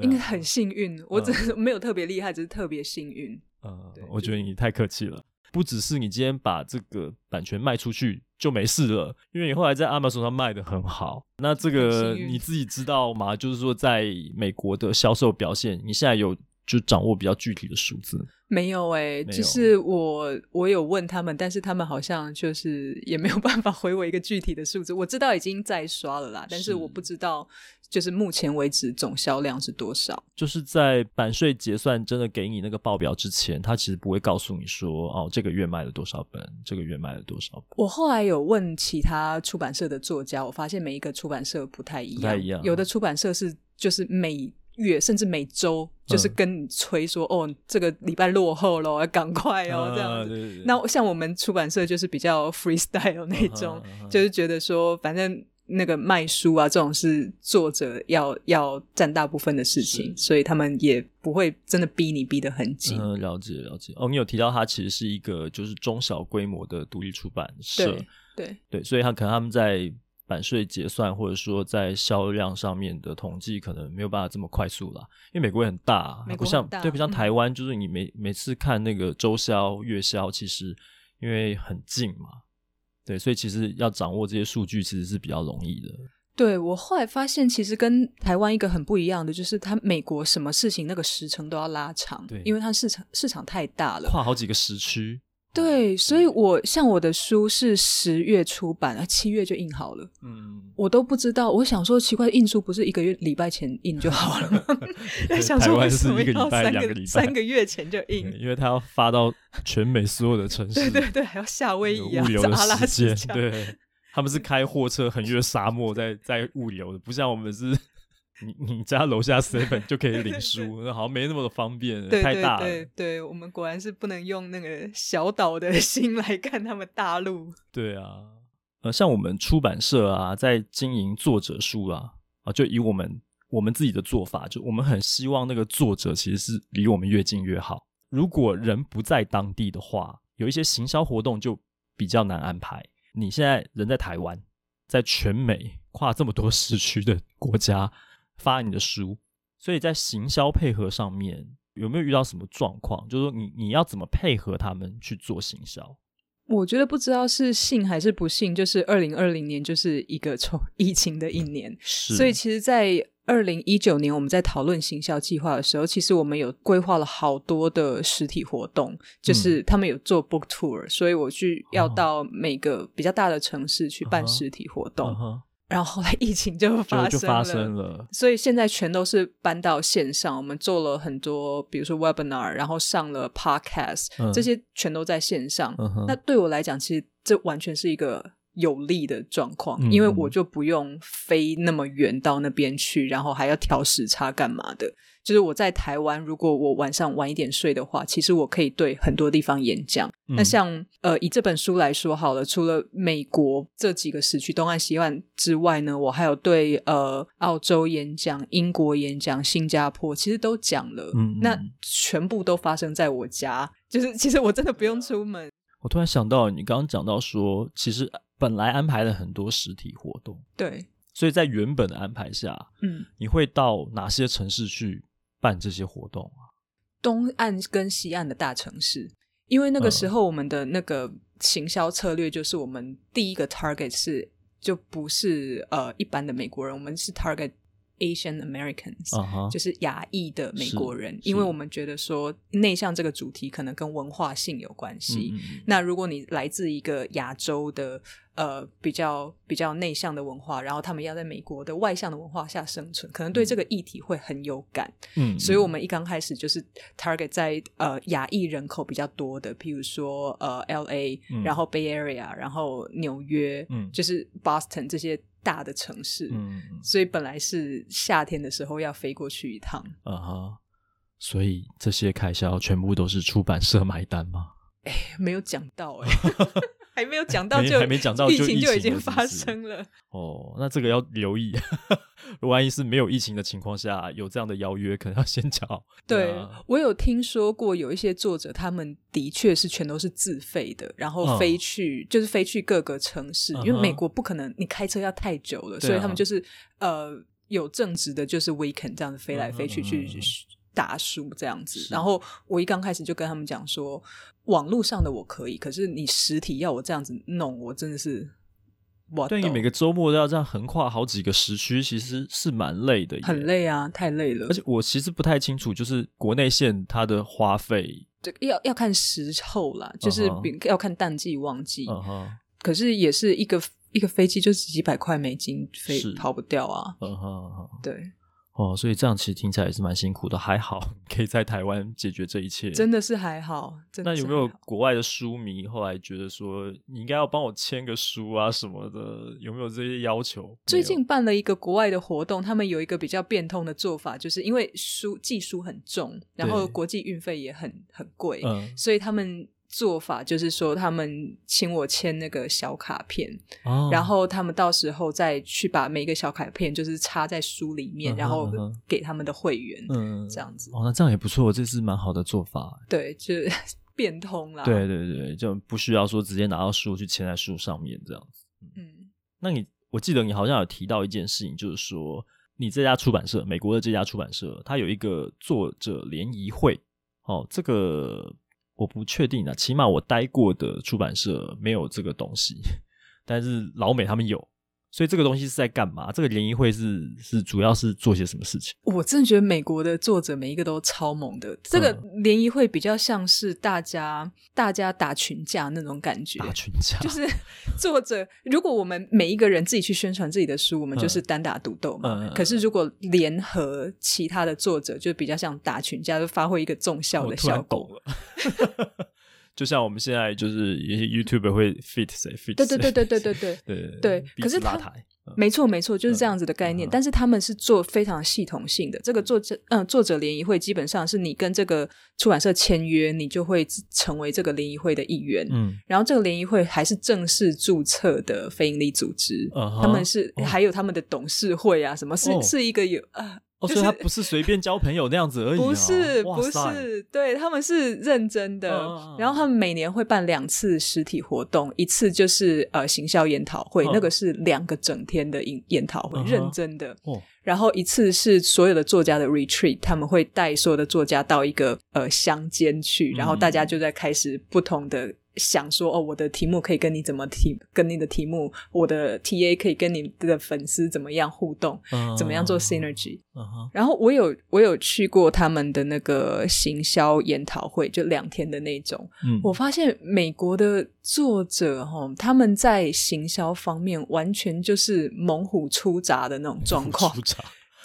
啊、應該很幸運，我只是沒有特別厲害，呃、只是特別幸運。呃，對，我覺得你太客氣了，不只是你今天把這個版權賣出去就沒事了，因為你後來在 Amazon 上賣得很好。那這個你自己知道嗎？就是說，在美國的銷售表現，你現在有就掌握比較具體的數字？沒有哎、欸，就是我我有問他們，但是他們好像就是也沒有辦法回我一個具體的數字。我知道已經再刷了啦，但是我不知道。就是目前為止總銷量是多少？就是在版稅結算真的給你那個報表之前，他其實不會告訴你說哦，這個月賣了多少本，這個月賣了多少本。我後來有問其他出版社的作家，我發現每一個出版社不太一樣，一樣有的出版社是就是每月甚至每周就是跟你催說，說、嗯、哦，這個禮拜落後了，要趕快哦、啊、這樣子對對對。那像我們出版社就是比較 freestyle 那種，啊啊、就是覺得說反正。那個賣書啊，這種是作者要要佔大部分的事情，所以他們也不會真的逼你逼得很緊，嗯。了解了解。哦，你有提到它其實是一個就是中小規模的獨立出版社，對對，對，所以它可能他們在版稅結算或者說在銷量上面的統計可能沒有辦法這麼快速啦。因為美國也很大啊，美國很大，不像，嗯、對，不像台灣，就是你每每次看那個周銷月銷，其實因為很近嘛。對，所以其實要掌握這些數據，其實是比較容易的。對，我後來發現，其實跟台灣一個很不一樣的，就是它美國什麼事情那個時程都要拉長，對，因為它市場市場太大了，跨好幾個時區。對，所以我，我像我的書是十月出版，啊，七月就印好了。嗯，我都不知道，我想說奇怪，印書不是一個月禮拜前印就好了嗎？在 對 想說為什麼要三個，兩個禮拜，三個月前就印？因為他要發到全美所有的城市， 對對對，還要夏威夷啊，那個、阿拉斯加，對，他們是開貨車橫越沙漠在在物流的，不像我們是。你你家樓下 e 本就可以領書，好像沒那麼的方便 對對對對對，太大了。對，對，對，我們果然是不能用那個小島的心來看他們大陸。對啊，呃，像我們出版社啊，在經營作者書啊，啊，就以我們我們自己的做法，就我們很希望那個作者其實是離我們越近越好。如果人不在當地的話，有一些行銷活動就比較難安排。你現在人在台灣，在全美跨這麼多時區的國家。發你的書，所以在行銷配合上面有沒有遇到什麼狀況？就是說你，你你要怎麼配合他們去做行銷？我覺得不知道是幸還是不幸，就是二零二零年就是一個從疫情的一年，所以其實，在二零一九年我們在討論行銷計劃的時候，其實我們有規劃了好多的實體活動，就是他們有做 book tour，、嗯、所以我去要到每個比較大的城市去辦實體活動。嗯嗯嗯然後後來疫情就發生了，就就發生了，所以現在全都是搬到線上。我們做了很多，比如說 webinar，然後上了 podcast，、嗯、這些全都在線上、嗯。那對我來講，其實這完全是一個有利的狀況、嗯，因為我就不用飛那麼遠到那邊去，然後還要調時差幹嘛的。就是我在台灣，如果我晚上晚一點睡的話，其實我可以對很多地方演講。嗯。那像呃，以這本書來說好了，除了美國這幾個時區，東岸、西岸之外呢，我還有對呃澳洲演講、英國演講、新加坡，其實都講了，嗯嗯。那全部都發生在我家，就是其實我真的不用出門。我突然想到，你剛剛講到說，其實本來安排了很多實體活動，對，所以在原本的安排下，嗯，你會到哪些城市去？辦這些活動啊，東岸跟西岸的大城市，因為那個時候我們的那個行銷策略就是，我們第一個 target 是，就不是，呃，一般的美國人，我們是 target，Asian Americans、uh-huh, 就是亞裔的美國人，因為我們覺得說內向這個主題可能跟文化性有關係、嗯。那如果你來自一個亞洲的呃比較比較內向的文化，然後他們要在美國的外向的文化下生存，嗯、可能對這個議題會很有感。嗯，所以我們一剛開始就是 target 在呃亞裔人口比較多的，譬如說呃 LA、嗯、然後 Bay Area，然後紐約，嗯，就是 Boston 這些。大的城市，嗯，所以本來是夏天的時候要飛過去一趟。啊哈，所以這些開銷全部都是出版社買單嗎？誒，沒有講到誒。 還沒有講到就疫情就已經發生了哦，了是是 oh, 那這個要留意。如 果萬一是沒有疫情的情況下有這樣的邀約，可能要先講。對，對、啊、我有聽說過有一些作者，他們的確是全都是自費的，然後飛去，嗯、就是飛去各個城市，嗯，因為美國不可能你開車要太久了，嗯，所以他們就是，啊，呃有正職的，就是 weekend 這樣飛來飛去嗯嗯嗯嗯去，去。打書這樣子，然後我一剛開始就跟他們講說，網絡上的我可以，可是你實體要我這樣子弄，我真的是，哇！對你每個周末都要這樣橫跨好幾個時區，其實是蠻累的，很累啊，太累了。而且我其實不太清楚，就是國內線它的花費，對，要要看時候啦，就是要看淡季旺季。Uh-huh. 可是也是一個一個飛機，就是幾百塊美金飛，跑不掉啊。Uh-huh. 對。哦，所以這樣其實聽起來也是蠻辛苦的，還好可以在台灣解決這一切真，真的是還好。那有沒有國外的書迷後來覺得說你應該要幫我簽個書啊什麼的？有沒有這些要求？最近辦了一個國外的活動，他們有一個比較變通的做法，就是因為書寄書很重，然後國際運費也很很貴，所以他們。做法就是說，他們請我簽那個小卡片，哦，然後他們到時候再去把每一個小卡片就是插在書裡面，嗯、然後給他們的會員，嗯，這樣子。哦，那這樣也不錯，這是蠻好的做法。對，就變通了。對對對，就不需要說直接拿到書去簽在書上面這樣子。嗯，那你我記得你好像有提到一件事情，就是說你這家出版社，美國的這家出版社，它有一個作者聯誼會。哦，這個。我不確定啊，起碼我待過的出版社沒有這個東西，但是老美他們有。所以這個東西是在幹嘛？這個聯誼會是是主要是做些什麼事情？我真的覺得美國的作者每一個都超猛的。嗯、這個聯誼會比較像是大家大家打群架那種感覺，打群架就是作者。如果我們每一個人自己去宣傳自己的書，嗯，我們就是單打獨鬥嘛，嗯。可是如果聯合其他的作者，就比較像打群架，就發揮一個綜效的效果。我 就像我們現在就是有些 YouTuber、嗯、會 fit 誰 fit 誰，對對對對對對 對，對，對，對，可是他沒錯沒錯，就是這樣子的概念、嗯。但是他們是做非常系統性的，嗯性的嗯性的嗯、這個作者嗯、呃、作者聯誼會基本上是你跟這個出版社簽約，你就會成為這個聯誼會的一員。嗯，然後這個聯誼會還是正式註冊的非營利組織、嗯，他們是、嗯、還有他們的董事會啊，什麼、哦、是是一個有啊。哦，所以他不是隨便交朋友那樣子而已，不、啊，就是不是，不是，對，他們是認真的、啊。然後他們每年會辦兩次實體活動，一次就是呃行銷研討會、啊，那個是兩個整天的研研討會、嗯，認真的、哦。然後一次是所有的作家的 retreat，他們會帶所有的作家到一個呃鄉間去、嗯，然後大家就在開始不同的。想說哦，我的題目可以跟你怎麼提，跟你的題目，我的 T A 可以跟你的粉絲怎麼樣互動，uh -huh. 怎麼樣做 synergy？Uh -huh. Uh -huh. 然後我有我有去過他們的那個行銷研討會，就兩天的那種。嗯。我發現美國的作者他們在行銷方面完全就是猛虎出閘的那種狀況，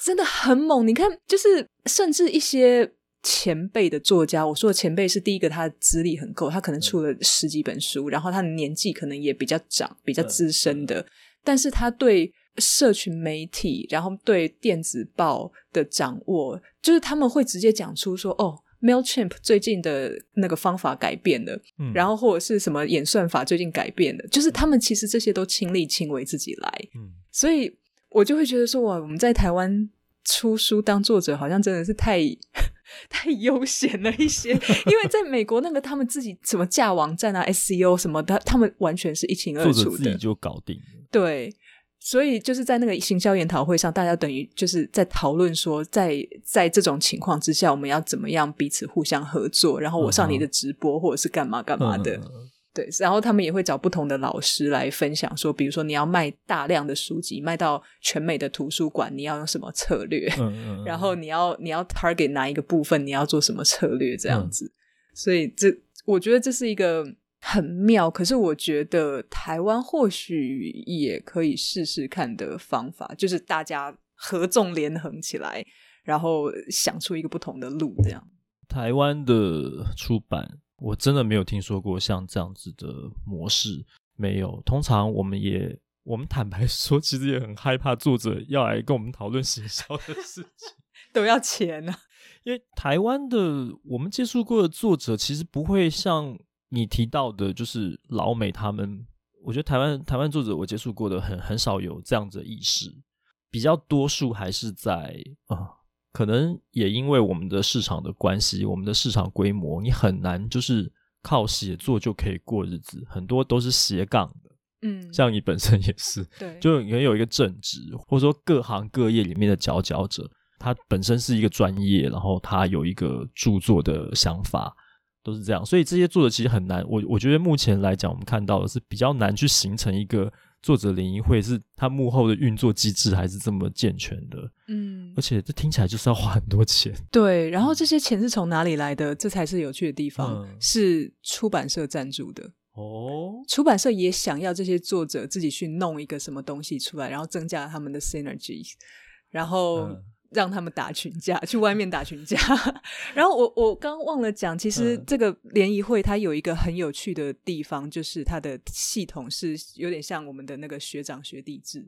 真的很猛。 你看，就是甚至一些。前輩的作家，我說的前輩是第一個，他資歷很夠，他可能出了十幾本書，然後他的年紀可能也比較長，比較資深的。但是他對社群媒體，然後對電子報的掌握，就是他們會直接講出說：“哦，MailChimp 最近的那個方法改變了，嗯，然後或者是什麼演算法最近改變了。”就是他們其實這些都親力親為自己來，所以我就會覺得說：“哇，我們在台灣出書當作者，好像真的是太……”太悠閒了一些，因為在美國那個他們自己什麼架網站啊、 SEO 什麼的，他們完全是一清二楚的，自己就搞定。對，所以就是在那個行銷研討會上，大家等於就是在討論說在，在在這種情況之下，我們要怎麼樣彼此互相合作，然後我上你的直播或者是幹嘛幹嘛的。嗯嗯對，然後他們也會找不同的老師來分享，說，比如說你要賣大量的書籍，賣到全美的圖書館，你要用什麼策略？嗯，嗯，然後你要你要 target 哪一個部分，你要做什麼策略這樣子？嗯，所以這我覺得這是一個很妙，可是我覺得台灣或許也可以試試看的方法，就是大家合縱連橫起來，然後想出一個不同的路這樣。台灣的出版。我真的沒有聽說過像這樣子的模式，沒有。通常我們也，我們坦白說，其實也很害怕作者要來跟我們討論行銷的事情，都要錢呢、啊。因為台灣的我們接觸過的作者，其實不會像你提到的，就是老美他們。我覺得台灣台灣作者我接觸過的很很少有這樣子的意識，比較多數還是在啊。哦可能也因為我們的市場的關係，我們的市場規模，你很難就是靠寫作就可以過日子，很多都是斜槓的，嗯，像你本身也是，對，就也有一個正職，或者說各行各業裡面的佼佼者，他本身是一個專業，然後他有一個著作的想法，都是這樣，所以這些作者其實很難，我我覺得目前來講，我們看到的是比較難去形成一個。作者聯誼會是他幕後的運作機制還是這麼健全的？嗯，而且這聽起來就是要花很多錢。對，然後這些錢是從哪裡來的？這才是有趣的地方，嗯、是出版社贊助的。哦，出版社也想要這些作者自己去弄一個什麼東西出來，然後增加他們的 synergy，然後、嗯。讓他們打群架，去外面打群架。 然後我我剛剛忘了講，其實這個聯誼會它有一個很有趣的地方，就是它的系統是有點像我們的那個學長學弟制。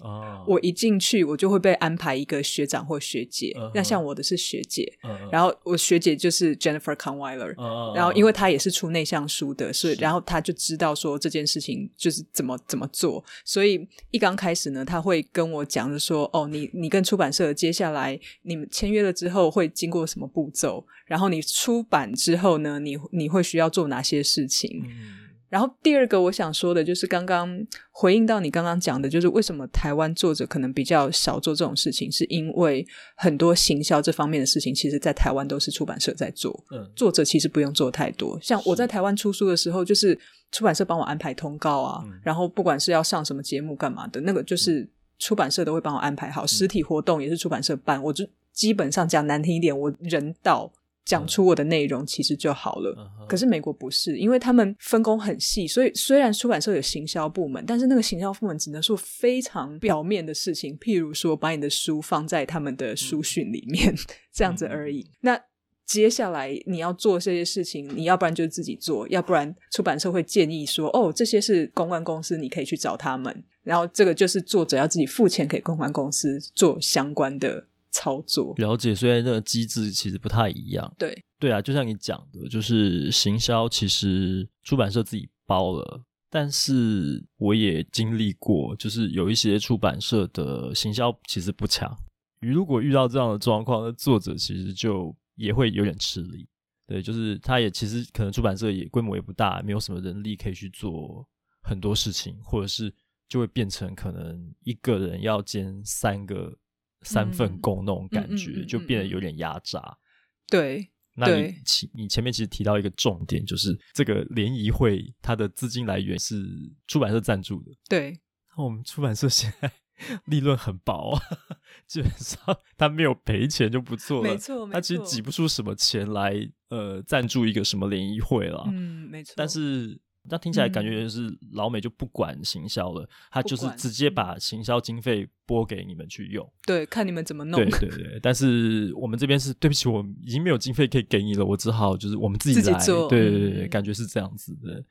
Oh. 我一進去，我就會被安排一個學長或學姐。Uh -huh. 那像我的是學姐，uh -huh. 然後我學姐就是 Jennifer Kahnweiler、uh -huh. 然後，因為她也是出內向書的，uh -huh. 所以，然後她就知道說這件事情就是怎麼是怎麼做。所以，一剛開始呢，她會跟我講的說：“哦，你你跟出版社接下來你們簽約了之後會經過什麼步驟？然後你出版之後呢，你你會需要做哪些事情？”嗯。然後第二個我想說的，就是剛剛回應到你剛剛講的，就是為什麼台灣作者可能比較少做這種事情，是因為很多行銷這方面的事情，其實，在台灣都是出版社在做，嗯，作者其實不用做太多。像我在台灣出書的時候，就是出版社幫我安排通告啊，然後不管是要上什麼節目幹嘛的，那個就是出版社都會幫我安排好。實體活動也是出版社辦，我就基本上講難聽一點，我人到。講出我的內容其實就好了。嗯，可是美國不是，因為他們分工很細，所以雖然出版社有行銷部門，但是那個行銷部門只能說非常表面的事情，譬如說把你的書放在他們的書訊裡面、嗯、這樣子而已。嗯。那接下來你要做這些事情，你要不然就自己做，要不然出版社會建議說，哦，這些是公關公司，你可以去找他們。然後這個就是作者要自己付錢給公關公司做相關的。操作。了解，雖然那個機制其實不太一樣，對對啊，就像你講的，就是行銷其實出版社自己包了，但是我也經歷過，就是有一些出版社的行銷其實不強，如果遇到這樣的狀況，那作者其實就也會有點吃力，對，就是他也其實可能出版社也規模也不大，沒有什麼人力可以去做很多事情，或者是就會變成可能一個人要兼三個。三份工那種感覺、嗯嗯嗯嗯、就變得有點壓榨，對。那你前你前面其實提到一個重點，就是這個聯誼會它的資金來源是出版社贊助的，對。那我們出版社現在利潤很薄， 基本上他沒有賠錢就不錯了，沒錯。他其實擠不出什麼錢來，呃，贊助一個什麼聯誼會啦，嗯，沒錯。但是。那聽起來感覺是老美就不管行銷了，嗯,他就是直接把行銷經費撥給你們去用，嗯，對，看你們怎麼弄。對對對，但是我們這邊是對不起，我已經沒有經費可以給你了，我只好就是我們自己來。自己做。對對對，感覺是這樣子的，嗯。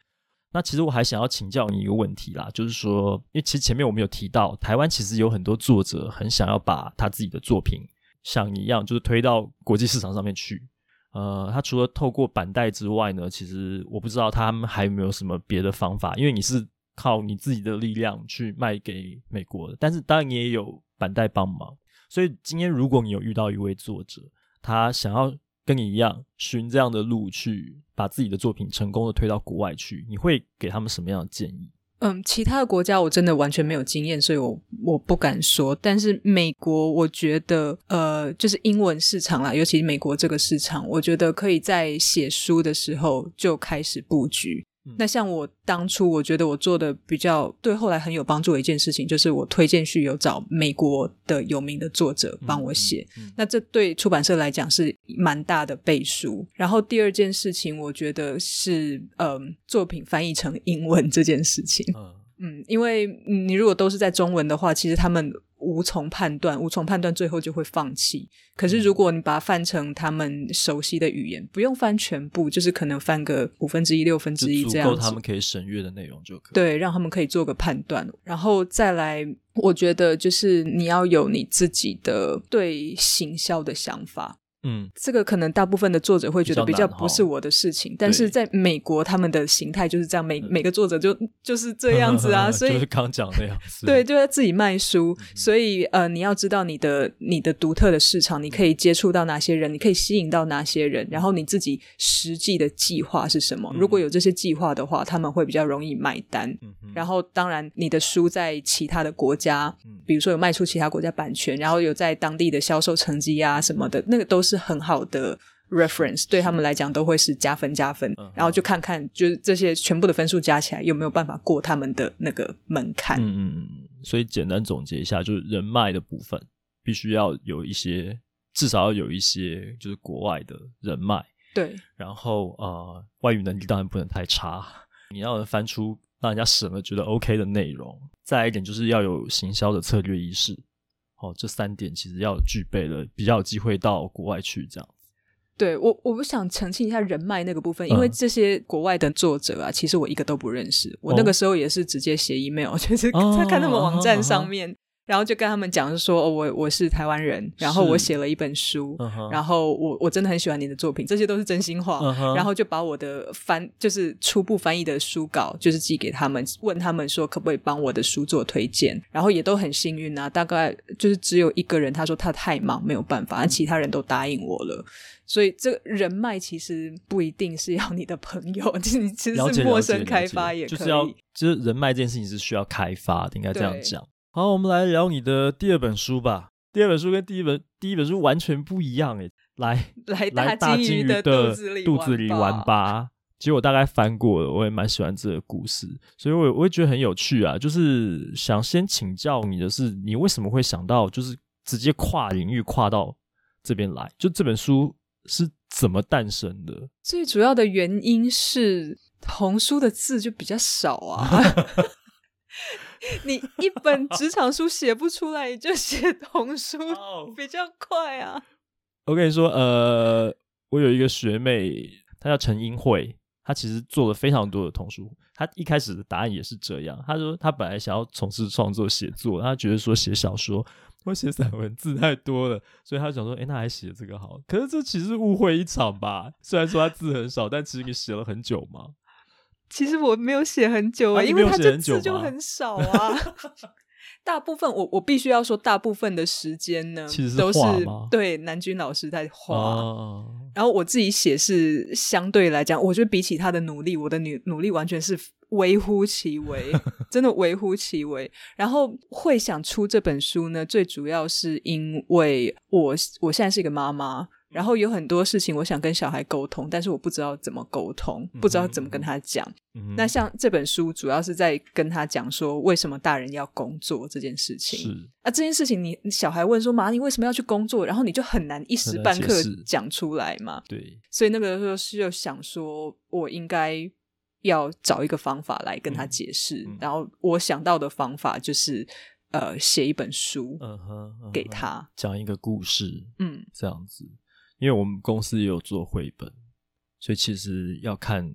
那其實我還想要請教你一個問題啦，就是說，因為其實前面我們有提到，台灣其實有很多作者很想要把他自己的作品像你一樣，就是推到國際市場上面去。呃，他除了透過版代之外呢，其實我不知道他們還有沒有什麼別的方法。因為你是靠你自己的力量去賣給美國的，但是當然你也有版代幫忙。所以今天如果你有遇到一位作者，他想要跟你一樣循這樣的路去把自己的作品成功地推到國外去，你會給他們什麼樣的建議？嗯，其他的國家我真的完全沒有經驗，所以我我不敢說。但是美國我覺得，呃，就是英文市場啦，尤其是美國這個市場，我覺得可以在寫書的時候就開始布局。那像我當初，我覺得我做的比較對、後來很有幫助的一件事情，就是我推薦去有找美國的有名的作者幫我寫，嗯嗯嗯。那這對出版社來講是蠻大的背書。然後第二件事情，我覺得是嗯，作品翻譯成英文這件事情。嗯，嗯，因為嗯你如果都是在中文的話，其實他們。無從判斷，無從判斷，最後就會放棄。可是，如果你把它翻成他們熟悉的語言，不用翻全部，就是可能翻個五分之一、六分之一，這樣，足夠他們可以審閱的內容就可以。對，讓他們可以做個判斷，然後再來。我覺得就是你要有你自己的對行銷的想法。嗯，這個可能大部分的作者會覺得比較不是我的事情，但是在美國他們的形態就是這樣，每、嗯、每個作者就就是這樣子啊，所 以是剛講的樣子 對，就在自己賣書，嗯、所以呃，你要知道你的你的獨特的市場，你可以接觸到哪些人、嗯，你可以吸引到哪些人，然後你自己實際的計劃是什麼？嗯、如果有這些計劃的話，他們會比較容易買單、嗯。然後當然你的書在其他的國家，比如說有賣出其他國家版權，然後有在當地的銷售成績呀、啊、什麼的、嗯，那個都是。是很好的 reference，對他們來講都會是加分加分，嗯、然後就看看就是這些全部的分數加起來有沒有辦法過他們的那個門檻。嗯嗯，所以簡單總結一下，就是人脈的部分必須要有一些，至少要有一些就是國外的人脈。對。然後呃，外語能力當然不能太差，你要能翻出讓人家審了覺得 OK 的內容。再一點就是要有行銷的策略意識。哦，這三點其實要具備了，比較有機會到國外去這樣。對，我，我不想澄清一下人脈那個部分、嗯，因為這些國外的作者啊，其實我一個都不認識。哦、我那個時候也是直接寫 email，就是在、哦、看他們網站上面。嗯嗯嗯嗯嗯然後就跟他們講說，說、哦、我我是台灣人，然後我寫了一本書，嗯、然後我我真的很喜歡你的作品，這些都是真心話。嗯、然後就把我的翻就是初步翻譯的書稿，就是寄給他們，問他們說可不可以幫我的書做推薦，然後也都很幸運啊。大概就是只有一個人，他說他太忙沒有辦法、嗯，其他人都答應我了。所以這人脈其實不一定是要你的朋友，其實其實是陌生開發也可以。了解了解了，就是要。就是人脈這件事情是需要開發的，應該這樣講。好，我們來聊你的第二本書吧。第二本書跟第一本第一本書完全不一樣哎。來來來，大鯨魚的肚子裡玩吧。其實我大概翻過了，我也蠻喜歡這個故事，所以我我也覺得很有趣啊。就是想先請教你的是，你為什麼會想到就是直接跨領域跨到這邊來？就這本書是怎麼誕生的？最主要的原因是童書的字就比較少啊。 你一本職場書寫不出來，你就寫童書、 oh. 比較快啊！我跟你說，呃，我有一個學妹，她叫陳英慧，她其實做了非常多的童書。她一開始的答案也是這樣，她說她本來想要從事創作寫作，她覺得說寫小說或寫散文字太多了，所以她想說，哎、欸，那還寫這個好。可是這其實是誤會一場吧？雖然說她字很少，但其實你寫了很久嘛。其實我沒有寫很久，欸啊、寫很久，因為他這字就很少啊。大部分我我必須要說，大部分的時間呢，其實是都是對南君老師在花、啊。然後我自己寫是相對來講，我覺得比起他的努力，我的努努力完全是微乎其微，真的微乎其微。 然後會想出這本書呢，最主要是因為我我現在是一個媽媽。然後有很多事情，我想跟小孩溝通，但是我不知道怎麼溝通，嗯、不知道怎麼跟他講。嗯、那像這本書，主要是在跟他講說，為什麼大人要工作這件事情。是啊，這件事情你，你小孩問說：“媽，你為什麼要去工作？”然後你就很難一時半刻講出來嘛。對，所以那個時候是就想說，我應該要找一個方法來跟他解釋、嗯嗯。然後我想到的方法就是，呃，寫一本書，嗯哼，給、嗯、他講一個故事，嗯，這樣子。因為我們公司也有做繪本，所以其實要看，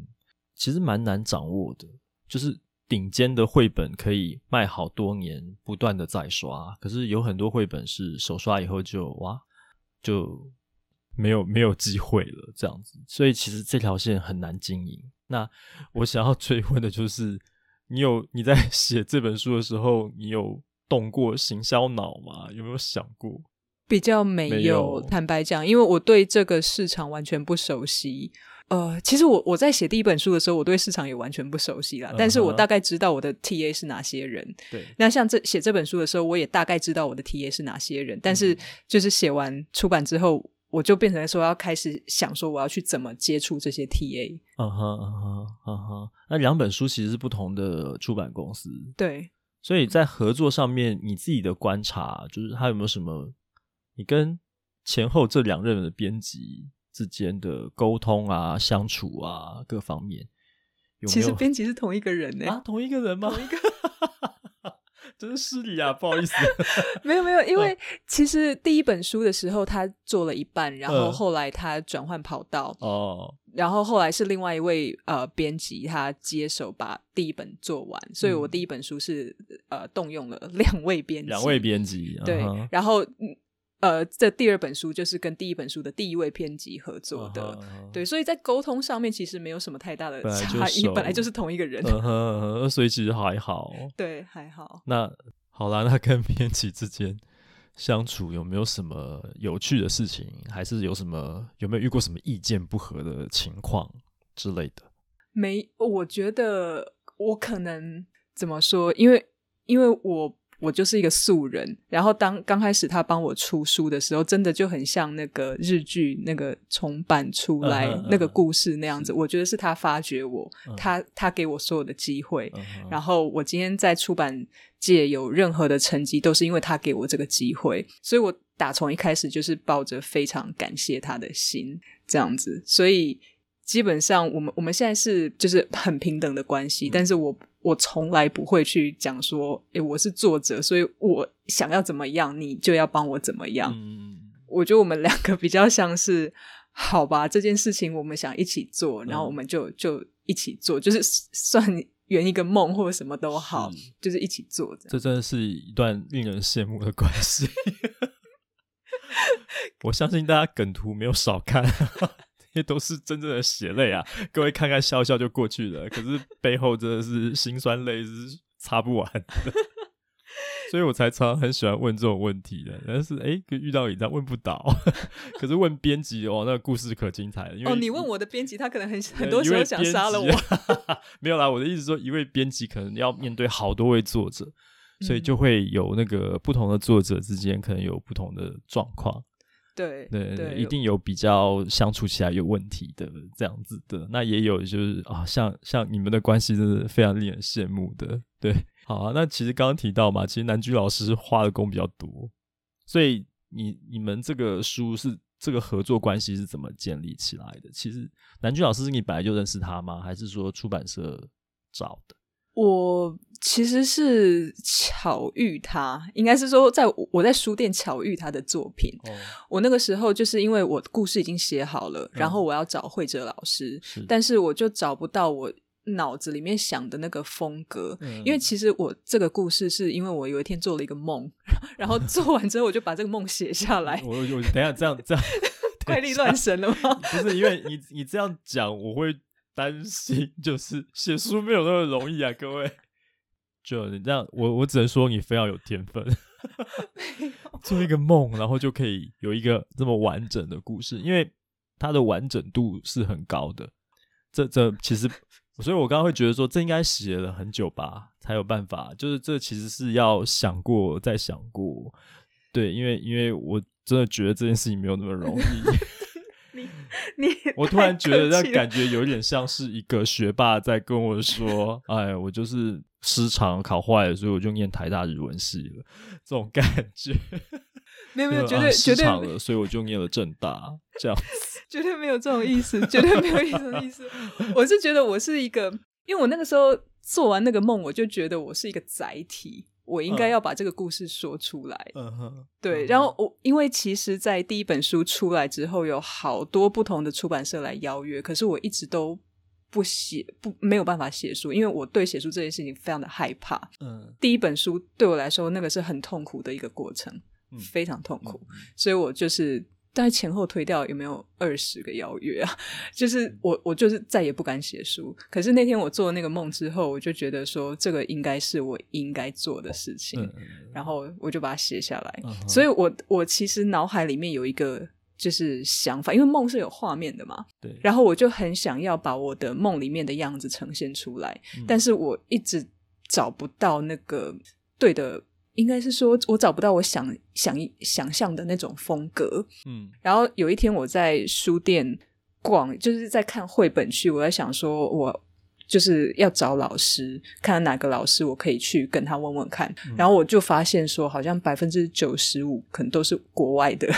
其實蠻難掌握的。就是頂尖的繪本可以賣好多年，不斷的再刷。可是有很多繪本是手刷以後就哇，就沒有沒有機會了這樣子。所以其實這條線很難經營。那我想要追問的就是，你有你在寫這本書的時候，你有動過行銷腦嗎？有沒有想過？比較沒有，沒有，坦白講，因為我對這個市場完全不熟悉。呃，其實我我在寫第一本書的時候，我對市場也完全不熟悉了、嗯。但是我大概知道我的 TA 是哪些人。對，那像這寫這本書的時候，我也大概知道我的 TA 是哪些人。但是就是寫完出版之後，嗯、我就變成說要開始想說我要去怎麼接觸這些 TA。嗯哼嗯哼嗯哼，那兩本書其實是不同的出版公司。對，所以在合作上面，你自己的觀察就是它有沒有什麼？你跟前後這兩任的編輯之間的溝通啊、相處啊、各方面，有有其實編輯是同一個人呢、啊？啊，同一個人嗎？同一個， 真是失禮啊！ 不好意思， 沒有沒有，因為其實第一本書的時候，他做了一半，嗯、然後後來他轉換跑道哦、嗯，然後後來是另外一位呃編輯他接手把第一本做完，所以我第一本書是、嗯、呃動用了兩位編輯，兩位編輯、嗯、對，然後嗯。呃，這第二本書就是跟第一本書的第一位編輯合作的，嗯，對，所以在溝通上面其實沒有什麼太大的差異，本來就是同一個人，嗯，所以其實還好，對，還好。那好啦，那跟編輯之間相處有沒有什麼有趣的事情，還是有什麼有沒有遇過什麼意見不合的情況之類的？沒，我覺得我可能怎麼說，因為因為我。我就是一個素人，然後當剛開始他幫我出書的時候，真的就很像那個日劇那個重版出來 uh -huh, uh -huh. 那個故事那樣子。我覺得是他發掘我，uh -huh. 他他給我所有的機會，uh -huh. 然後我今天在出版界有任何的成績，都是因為他給我這個機會。所以，我打從一開始就是抱着非常感謝他的心這樣子。所以。基本上，我們我們現在是就是很平等的關係，嗯，但是我我從來不會去講說，哎、欸，我是作者，所以我想要怎麼樣，你就要幫我怎麼樣，嗯。我覺得我們兩個比較像是，好吧，這件事情我們想一起做，然後我們就就一起做，嗯、就是算圓一個夢或者什麼都好，就是一起做這樣。這真的是一段令人羨慕的關係， 我相信大家梗圖沒有少看。 這都是真正的血淚啊！各位看看笑笑就過去了，可是背後真的是心酸淚是擦不完的， 所以我才常常很喜歡問這種問題的。但是哎，遇到你，這樣問不倒。 可是問編輯哦，那個故事可精彩了。因為哦，你問我的編輯，他可能很、嗯、很多時候想殺了我。 沒有啦，我的意思是說，一位編輯可能要面對好多位作者、嗯，所以就會有那個不同的作者之間可能有不同的狀況。對對對，一定有比較相處起來有問題的這樣子的，那也有就是啊、哦，像像你們的關係真的是非常令人羨慕的。對，好啊，那其實剛剛提到嘛，其實南君老師花的工比較多，所以你你們這個書是這個合作關係是怎麼建立起來的？其實南君老師是你本來就認識他嗎？還是說出版社找的？我其實是巧遇他，應該是說，在我在書店巧遇他的作品。哦。我那個時候就是因為我故事已經寫好了，嗯、然後我要找繪者老師，但是我就找不到我腦子裡面想的那個風格、嗯，因為其實我這個故事是因為我有一天做了一個夢，然後做完之後我就把這個夢寫下來。 我我等一下這樣這樣 怪力亂神了嗎？ 不是，因為你你這樣講我會。擔心就是寫書沒有那麼容易啊，各位。就你這樣，我我只能說你非常有天分， 做一個夢，然後就可以有一個這麼完整的故事，因為它的完整度是很高的。這這其實，所以我剛剛會覺得說，這應該寫了很久吧，才有辦法。就是這其實是要想過再想過，對，因為因為我真的覺得這件事情沒有那麼容易。 你我突然覺得那感覺有點像是一個學霸在跟我說：“ 哎，我就是失常考壞了，所以我就念台大語文系了。”這種感覺沒有 沒有，絕對失常、啊、了絕對，所以我就念了政大這樣，絕對沒有這種意思，絕對沒有這種意思。 我是覺得我是一個，因為我那個時候做完那個夢，我就覺得我是一個載體。我應該要把這個故事說出來，Uh-huh. Uh-huh. 對。然後我因為其實，在第一本書出來之後，有好多不同的出版社來邀約，可是我一直都不寫，不沒有辦法寫書，因為我對寫書這件事情非常的害怕。Uh-huh. 第一本書對我來說，那個是很痛苦的一個過程，Uh-huh. 非常痛苦，Uh-huh. 所以我就是。在前後推掉有沒有二十個邀約啊？就是我，我就是再也不敢寫書。可是那天我做了那個夢之後，我就覺得說這個應該是我應該做的事情。哦，然後我就把它寫下來。嗯，所以我，我我其實腦海裡面有一個就是想法，因為夢是有畫面的嘛。對。然後我就很想要把我的夢裡面的樣子呈現出來，嗯，但是我一直找不到那個對的。應該是說，我找不到我想想想象的那種風格，嗯。然後有一天我在書店逛，就是在看繪本區。我在想說，我就是要找老師，看哪個老師我可以去跟他問問看。嗯、然後我就發現說，好像百分之九十五可能都是國外的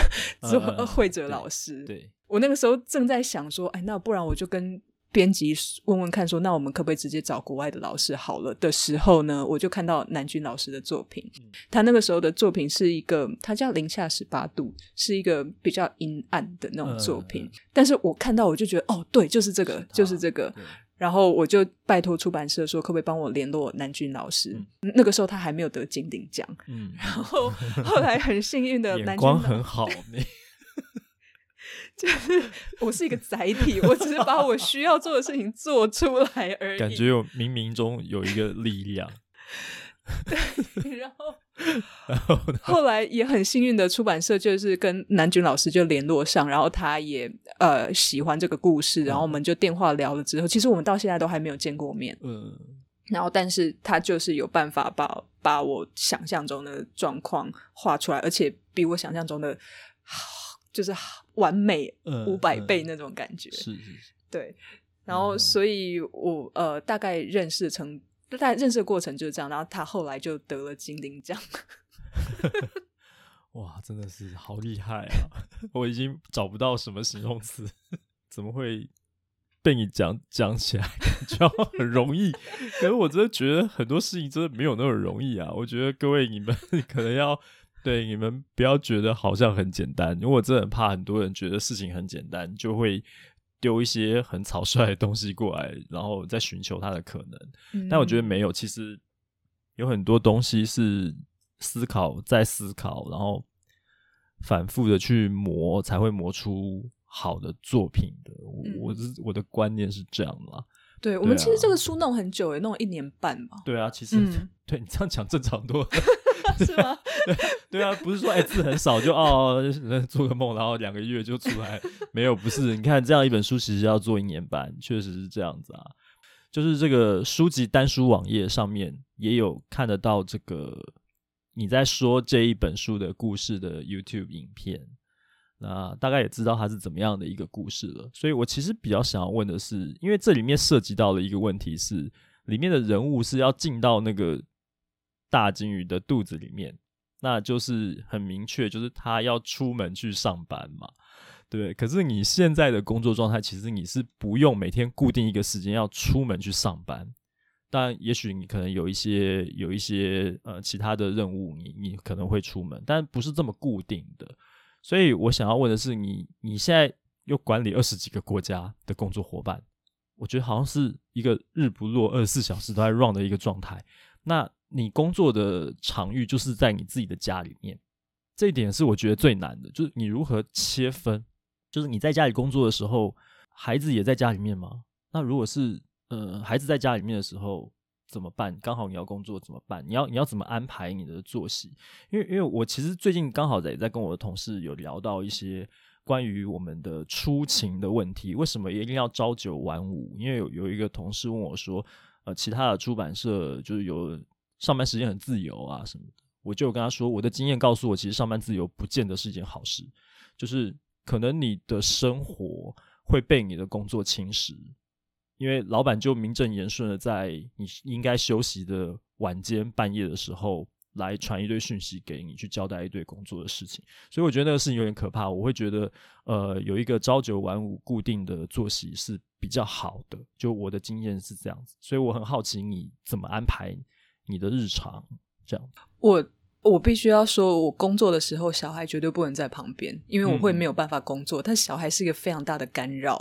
作繪者老師、嗯嗯嗯對。對，我那個時候正在想說，哎，那不然我就跟。編輯問問看說，說那我們可不可以直接找國外的老師好了，的時候呢，我就看到南君老師的作品，嗯、他那個時候的作品是一個，他叫零下十八度，是一個比較陰暗的那種作品，嗯。但是我看到我就覺得，哦，對，就是這個，是就是這個。然後我就拜托出版社說，可不可以幫我聯絡南君老師，嗯。那個時候他還沒有得金鼎獎，嗯。然後後來很幸運的，南君老師眼光很好。 就 是我是一個載體， 我只是把我需要做的事情做出來而已。感覺有冥冥中有一個力量。 對，然後， 然後後來也很幸運的，出版社就是跟南君老師就聯絡上，然後他也呃喜歡這個故事，嗯，然後我們就電話聊了之後，其實我們到現在都還沒有見過面。嗯，然後但是他就是有辦法把把我想象中的狀況畫出來，而且比我想象中的好，就是好。完美五百、嗯嗯、倍那種感覺，是是，是，對。嗯、然後，所以我呃大概認識成，大概認識的過程就是這樣。然後他後來就得了金鼎獎，哇，真的是好厲害啊！ 我已經找不到什麼形容詞，怎麼會被你講講起來感覺很容易？ 可是我真的覺得很多事情真的沒有那麼容易啊！我覺得各位你們可能要。對，你們不要覺得好像很簡單。因為我真的很怕很多人覺得事情很簡單，就會丟一些很草率的東西過來，然後再尋求它的可能。嗯、但我覺得沒有，其實有很多東西是思考，再思考，然後反覆的去磨，才會磨出好的作品的。我、嗯、我，我的觀念是這樣的。對，對、啊，我們其實這個書弄很久誒，弄了一年半嘛。對啊，其實、嗯、對你這樣講正常多。 是嗎？ 對對，對啊，不是說哎字很少就哦做個夢，然後兩個月就出來？ 沒有，不是。你看這樣一本書，其實要做一年半，確實是這樣子啊。就是這個書籍單書網頁上面也有看得到這個你在說這一本書的故事的 YouTube 影片，那大概也知道它是怎麼樣的一個故事了。所以我其實比較想要問的是，因為這裡面涉及到了一個問題是，裡面的人物是要進到那個。大鯨魚的肚子裡面，那就是很明確，就是他要出門去上班嘛。對,對，可是你現在的工作狀態，其實你是不用每天固定一個時間要出門去上班。但也許你可能有一些有一些呃其他的任務你，你你可能會出門，但不是這麼固定的。所以我想要問的是你，你你現在又管理二十幾個國家的工作伙伴，我覺得好像是一個日不落、二十四小時都在 run 的一個狀態。那。你工作的場域就是在你自己的家裡面，這一點是我覺得最難的，就是你如何切分，就是你在家裡工作的時候，孩子也在家裡面嗎？那如果是呃，孩子在家裡面的時候怎麼辦？剛好你要工作怎麼辦？你要你要怎麼安排你的作息？因為因為我其實最近剛好在也在跟我的同事有聊到一些關於我們的出勤的問題，為什麼一定要朝九晚五？因為有有一個同事問我說，呃，其他的出版社就是有。上班時間很自由啊，什麼的，我就跟他說，我的經驗告訴我，其實上班自由不見得是一件好事，就是可能你的生活會被你的工作侵蝕，因為老板就名正言順的在你應該休息的晚間半夜的時候來傳一堆訊息給你，去交代一堆工作的事情，所以我覺得那個事情有點可怕。我會覺得，呃，有一個朝九晚五固定的作息是比較好的，就我的經驗是這樣子，所以我很好奇你怎麼安排你。你的日常這樣。我。我必須要說，我工作的時候，小孩絕對不能在旁邊，因為我會沒有辦法工作。嗯、但小孩是一個非常大的干擾，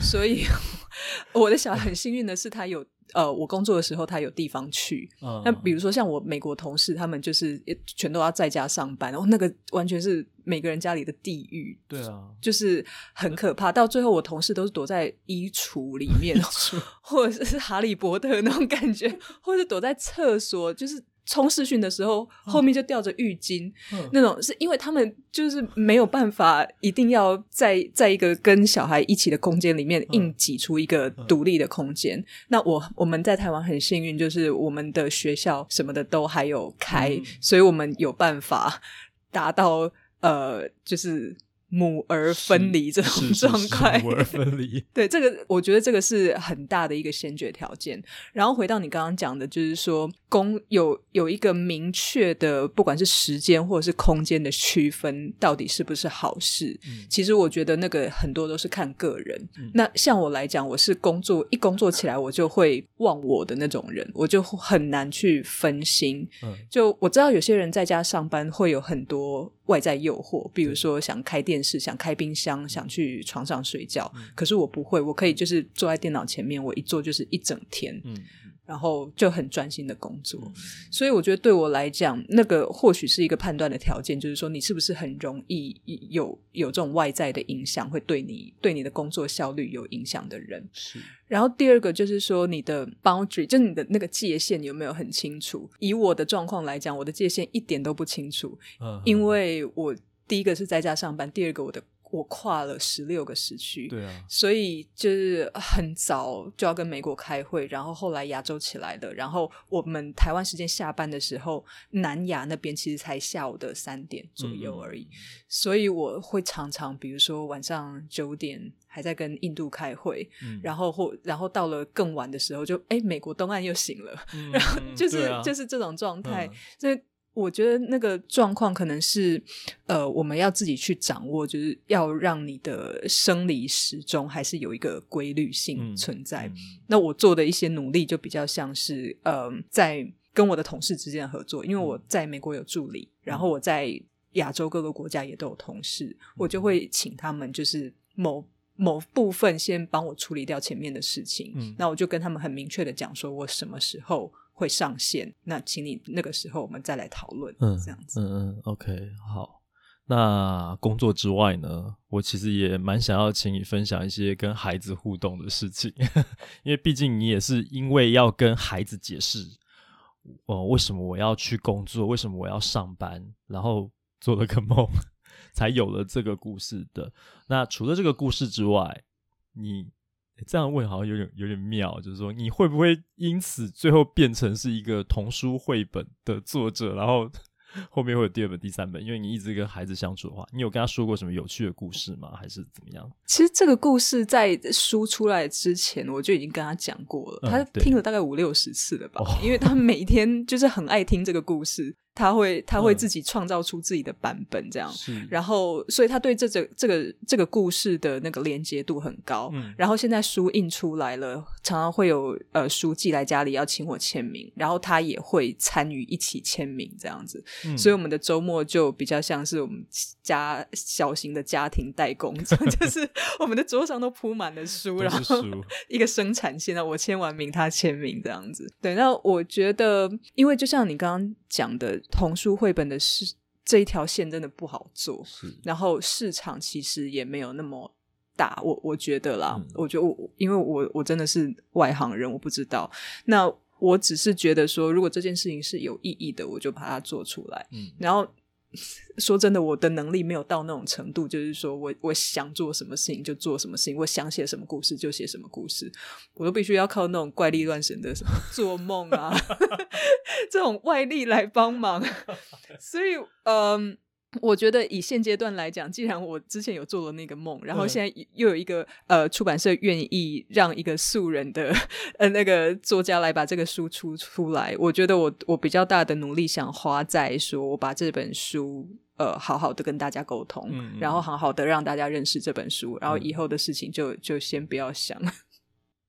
所以 我的小孩很幸運的是，他有呃，我工作的時候他有地方去、嗯。那比如說像我美國同事，他們就是全都要在家上班，然後那個完全是每個人家裡的地獄。對啊，就是很可怕。嗯、到最後，我同事都是躲在衣櫥裡面， 或者是哈利波特那種感覺，或者躲在廁所，就是。衝視訊的時候，後面就吊着浴巾、嗯，那種是因為他們就是沒有辦法，一定要在在一個跟小孩一起的空間裡面硬擠出一個獨立的空間、嗯嗯。那我我們在台灣很幸運，就是我們的學校什麼的都還有開，嗯、所以我們有辦法達到呃，就是。母兒分離這種狀態，母兒分離， 對這個，我覺得這個是很大的一個先決條件。然後回到你剛剛講的，就是說公有有一個明確的，不管是時間或者是空間的區分，到底是不是好事，嗯？其實我覺得那個很多都是看個人。嗯、那像我來講，我是工作一工作起來我就會忘我的那種人，我就很難去分心。嗯、就我知道有些人在家上班會有很多。外在誘惑，比如說想開電視、想開冰箱、想去床上睡覺，嗯，可是我不會，我可以就是坐在電腦前面，我一坐就是一整天。嗯然後就很專心的工作，所以我覺得對我來講，那個或許是一個判斷的條件，就是說你是不是很容易有有這種外在的影響，會對你對你的工作效率有影響的人。是。然後第二個就是說你的 boundary，就是你的那個界限有沒有很清楚？以我的狀況來講，我的界限一點都不清楚。嗯，因為我第一個是在家上班，第二個我的。我跨了十六個時區，對啊，所以就是很早就要跟美國開會，然後後來亞洲起來的，然後我們台灣時間下班的時候，南亞那邊其實才下午的三點左右而已，嗯，所以我會常常比如說晚上九點還在跟印度開會，嗯、然後或然後到了更晚的時候就哎美國東岸又醒了，嗯、然後就是、啊、就是這種狀態，嗯、所以。我覺得那個狀況可能是，呃，我們要自己去掌握，就是要讓你的生理時鐘還是有一個規律性存在。嗯嗯、那我做的一些努力就比較像是，呃，在跟我的同事之間合作，因為我在美國有助理，嗯、然後我在亞洲各個國家也都有同事，嗯、我就會請他們就是某某部分先幫我處理掉前面的事情。嗯、那我就跟他們很明確的講說，我什麼時候。會上線，那請你那個時候我們再來討論，嗯，這樣子，嗯嗯，OK，好。那工作之外呢，我其實也蠻想要請你分享一些跟孩子互動的事情， 因為畢竟你也是因為要跟孩子解釋，哦、呃，為什麼我要去工作，為什麼我要上班，然後做了個夢，才有了這個故事的。那除了這個故事之外，你。這樣問好像有點有點妙，就是說你會不會因此最後變成是一個童書繪本的作者，然後後面會有第二本、第三本，因為你一直跟孩子相處的話，你有跟他說過什麼有趣的故事嗎？還是怎麼樣？其實這個故事在書出來之前，我就已經跟他講過了、嗯，他聽了大概五六十次了吧、哦，因為他每天就是很愛聽這個故事。他會，他會自己創造出自己的版本，這樣、嗯，是。然後，所以他對這這個、這個這個故事的那個連接度很高、嗯。然後現在書印出來了，常常會有呃書寄來家裡要請我簽名，然後他也會參與一起簽名這樣子。嗯、所以我們的周末就比較像是我們家小型的家庭代工，嗯、 就是我們的桌上都鋪滿了書，書然後一個生產線啊，我簽完名，他簽名這樣子。對，那我覺得，因為就像你剛剛。講的童書繪本的事，這一條線真的不好做，然後市場其實也沒有那麼大，我我覺得啦，嗯、我覺得我因為我我真的是外行人，我不知道。那我只是覺得說，如果這件事情是有意義的，我就把它做出來。嗯、然後。說真的，我的能力沒有到那種程度，就是說我我想做什麼事情就做什麼事情，我想寫什麼故事就寫什麼故事，我都必須要靠那種怪力亂神的什麼做夢啊， 這種外力來幫忙，所以嗯。呃我覺得以現階段來講，既然我之前有做了那個夢，然後現在又有一個、嗯、呃出版社願意讓一個素人的呃那個作家來把這個書出出來，我覺得我我比較大的努力想花在說我把這本書呃好好的跟大家溝通、嗯，然後好好的讓大家認識這本書，然後以後的事情就、嗯、就、就先不要想。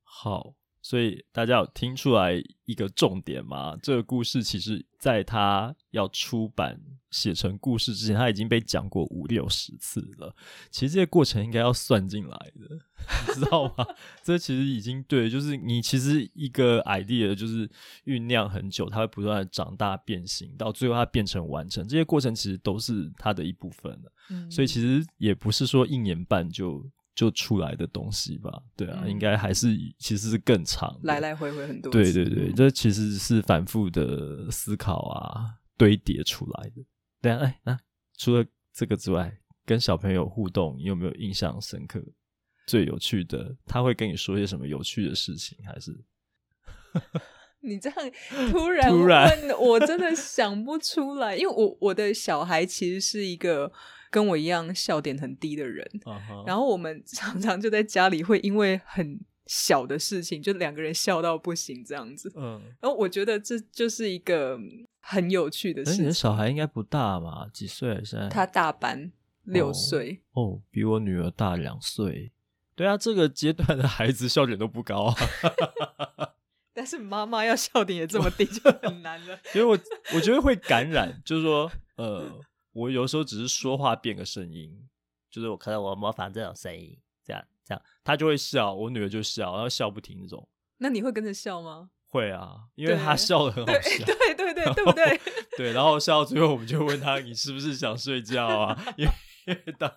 好，所以大家有聽出來一個重點嗎？這個故事其實，在它要出版。寫成故事之前，它已經被講過五六十次了。其實這些過程應該要算進來的，你知道嗎？ 這其實已經對，就是你其實一個 idea 就是醞釀很久，它會不斷的長大變形，到最後它變成完成。這些過程其實都是它的一部分了。嗯，所以其實也不是說一年半就就出來的東西吧？對啊。嗯，應該還是其實是更長的，來來回回很多次。對對對，這其實是反覆的思考啊，堆疊出來的。對、哎、啊，哎，那除了這個之外，跟小朋友互動，你有沒有印象深刻、最有趣的？他會跟你說一些什麼有趣的事情，還是？你這樣突然問我真的想不出來，因為我我的小孩其實是一個跟我一樣笑點很低的人，嗯、然後我們常常就在家裡會因為很小的事情就兩個人笑到不行，這樣子。嗯，然後我覺得這就是一個。很有趣的事情、欸。你的小孩應該不大嘛？幾歲現在？他大班六歲。哦、oh,，oh, 比我女兒大兩歲。對啊，這個階段的孩子笑點都不高啊。 但是媽媽要笑點也這麼低，就很難了。 因為我我覺得會感染， 就是說，呃，我有時候只是說話變個聲音，就是我看到我媽媽反正這種聲音，這樣這樣，他就會笑，我女兒就笑，然後笑不停那種。那你會跟着笑嗎？會啊，因為他笑得很好笑，對對對對，對不對？對，然後笑到最後，我們就問他， 你是不是想睡覺啊？因為因為他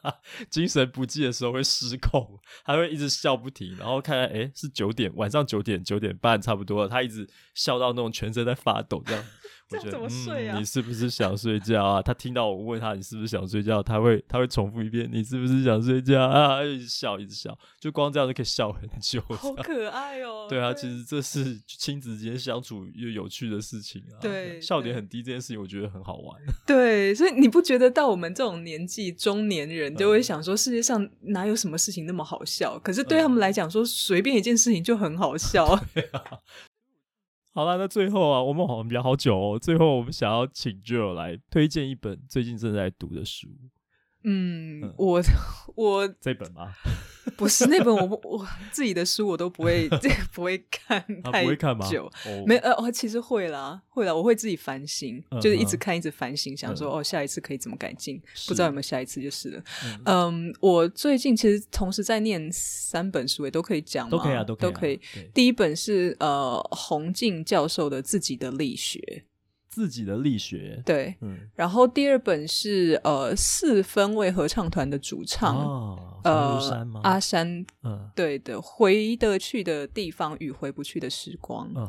精神不濟的時候會失控，他會一直笑不停，然後看看，哎，是九點，晚上九點九點半差不多了，他一直笑到那種全身在發抖這樣。 這怎麼睡啊，嗯？你是不是想睡覺啊？ 他聽到我問他你是不是想睡覺，他會他會重複一遍你是不是想睡覺啊？一直笑一直笑，就光這樣就可以笑很久。好可愛哦！對啊，對，其實這是親子之間相處又有趣的事情啊對對。對，笑點很低這件事情，我覺得很好玩。對，所以你不覺得到我們這種年紀，中年人就會想說，世界上哪有什麼事情那麼好笑？嗯、可是對他們來講，說隨便一件事情就很好笑。嗯 好了，那最後啊，我們好像聊好久哦。最後，我們想要請 Jill 來推薦一本最近正在讀的書。嗯，嗯，我我這本嗎？ 不是那本我，我我自己的書我都不會， 不會看太久，太、啊、不會看嗎？Oh. 沒呃，我、哦、其實會啦，會啦，我會自己反省，嗯、就是一直看，一直反省，想說、嗯、哦，下一次可以怎麼改進？不知道有沒有下一次就是了嗯。嗯，我最近其實同時在念三本書，也都可以講，都可以啊，都可以都可以、啊。第一本是呃，洪靜教授的自己的力學。自己的力學對、嗯，然後第二本是呃四分衛合唱團的主唱，哦、呃山阿山、嗯，對的，回得去的地方與回不去的時光，嗯、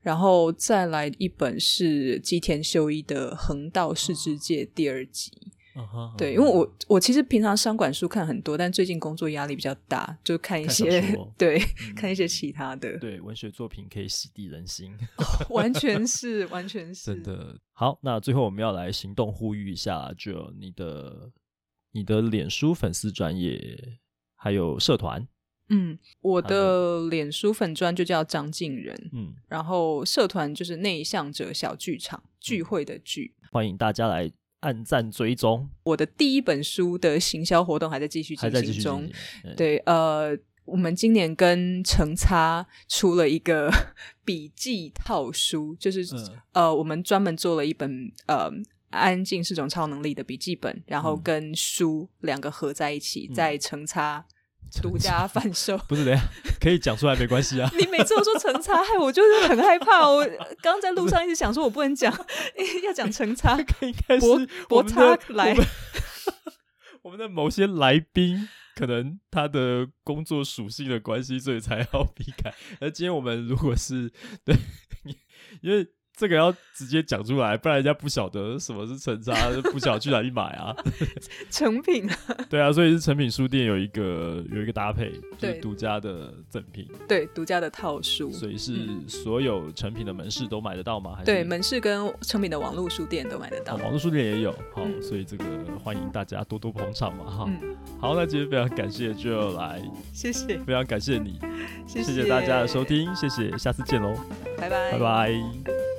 然後再來一本是吉田修一的《橫道世之介》第二集。嗯 Uh -huh, uh -huh. 對，因為我我其實平常商管書看很多，但最近工作壓力比較大，就看一些看、哦、 對、嗯、看一些其他的對文學作品可以洗滌人心、 oh, 完，完全是完全是真的。好，那最後我們要來行動呼籲一下，就你的你的臉書粉絲專頁還有社團。嗯，我的臉書粉專就叫張瀞仁，嗯，然後社團就是內向者小聚場、嗯、聚會的聚，歡迎大家來。按讚追蹤，我的第一本書的行銷活動還在繼續進行中，還在繼續進行，對。對，呃，我們今年跟誠品出了一個筆 記套書，就是、嗯、呃，我們專門做了一本呃，安靜是種超能力的筆記本，然後跟書兩個合在一起，嗯、在誠品，獨家販售 不是，等下，可以講出來沒關係啊。 你每次都說陳差，害 我就是很害怕哦。我剛在路上一直想說，我不能講， 要講陳差。應該是博博差來，我們的某些來賓可能他的工作屬性的關係，所以才要避開。而今天我們如果是對，因為。.這個要直接講出來，不然人家不曉得什麼是成差， 就不曉得去哪裡買啊。 成品啊對啊，所以是成品書店有一個有一個搭配，對，就是，獨家的贈品。對，獨家的套書。所以是所有成品的門市都買得到嗎？嗯，還是對，門市跟成品的網絡書店都買得到嗎？網絡書店也有，好，所以這個歡迎大家多多捧場嘛哈，嗯。好，那今天非常感謝 Jill 來，謝謝，非常感謝你謝謝，謝謝大家的收聽，謝謝，下次見嘍，拜，拜，拜拜。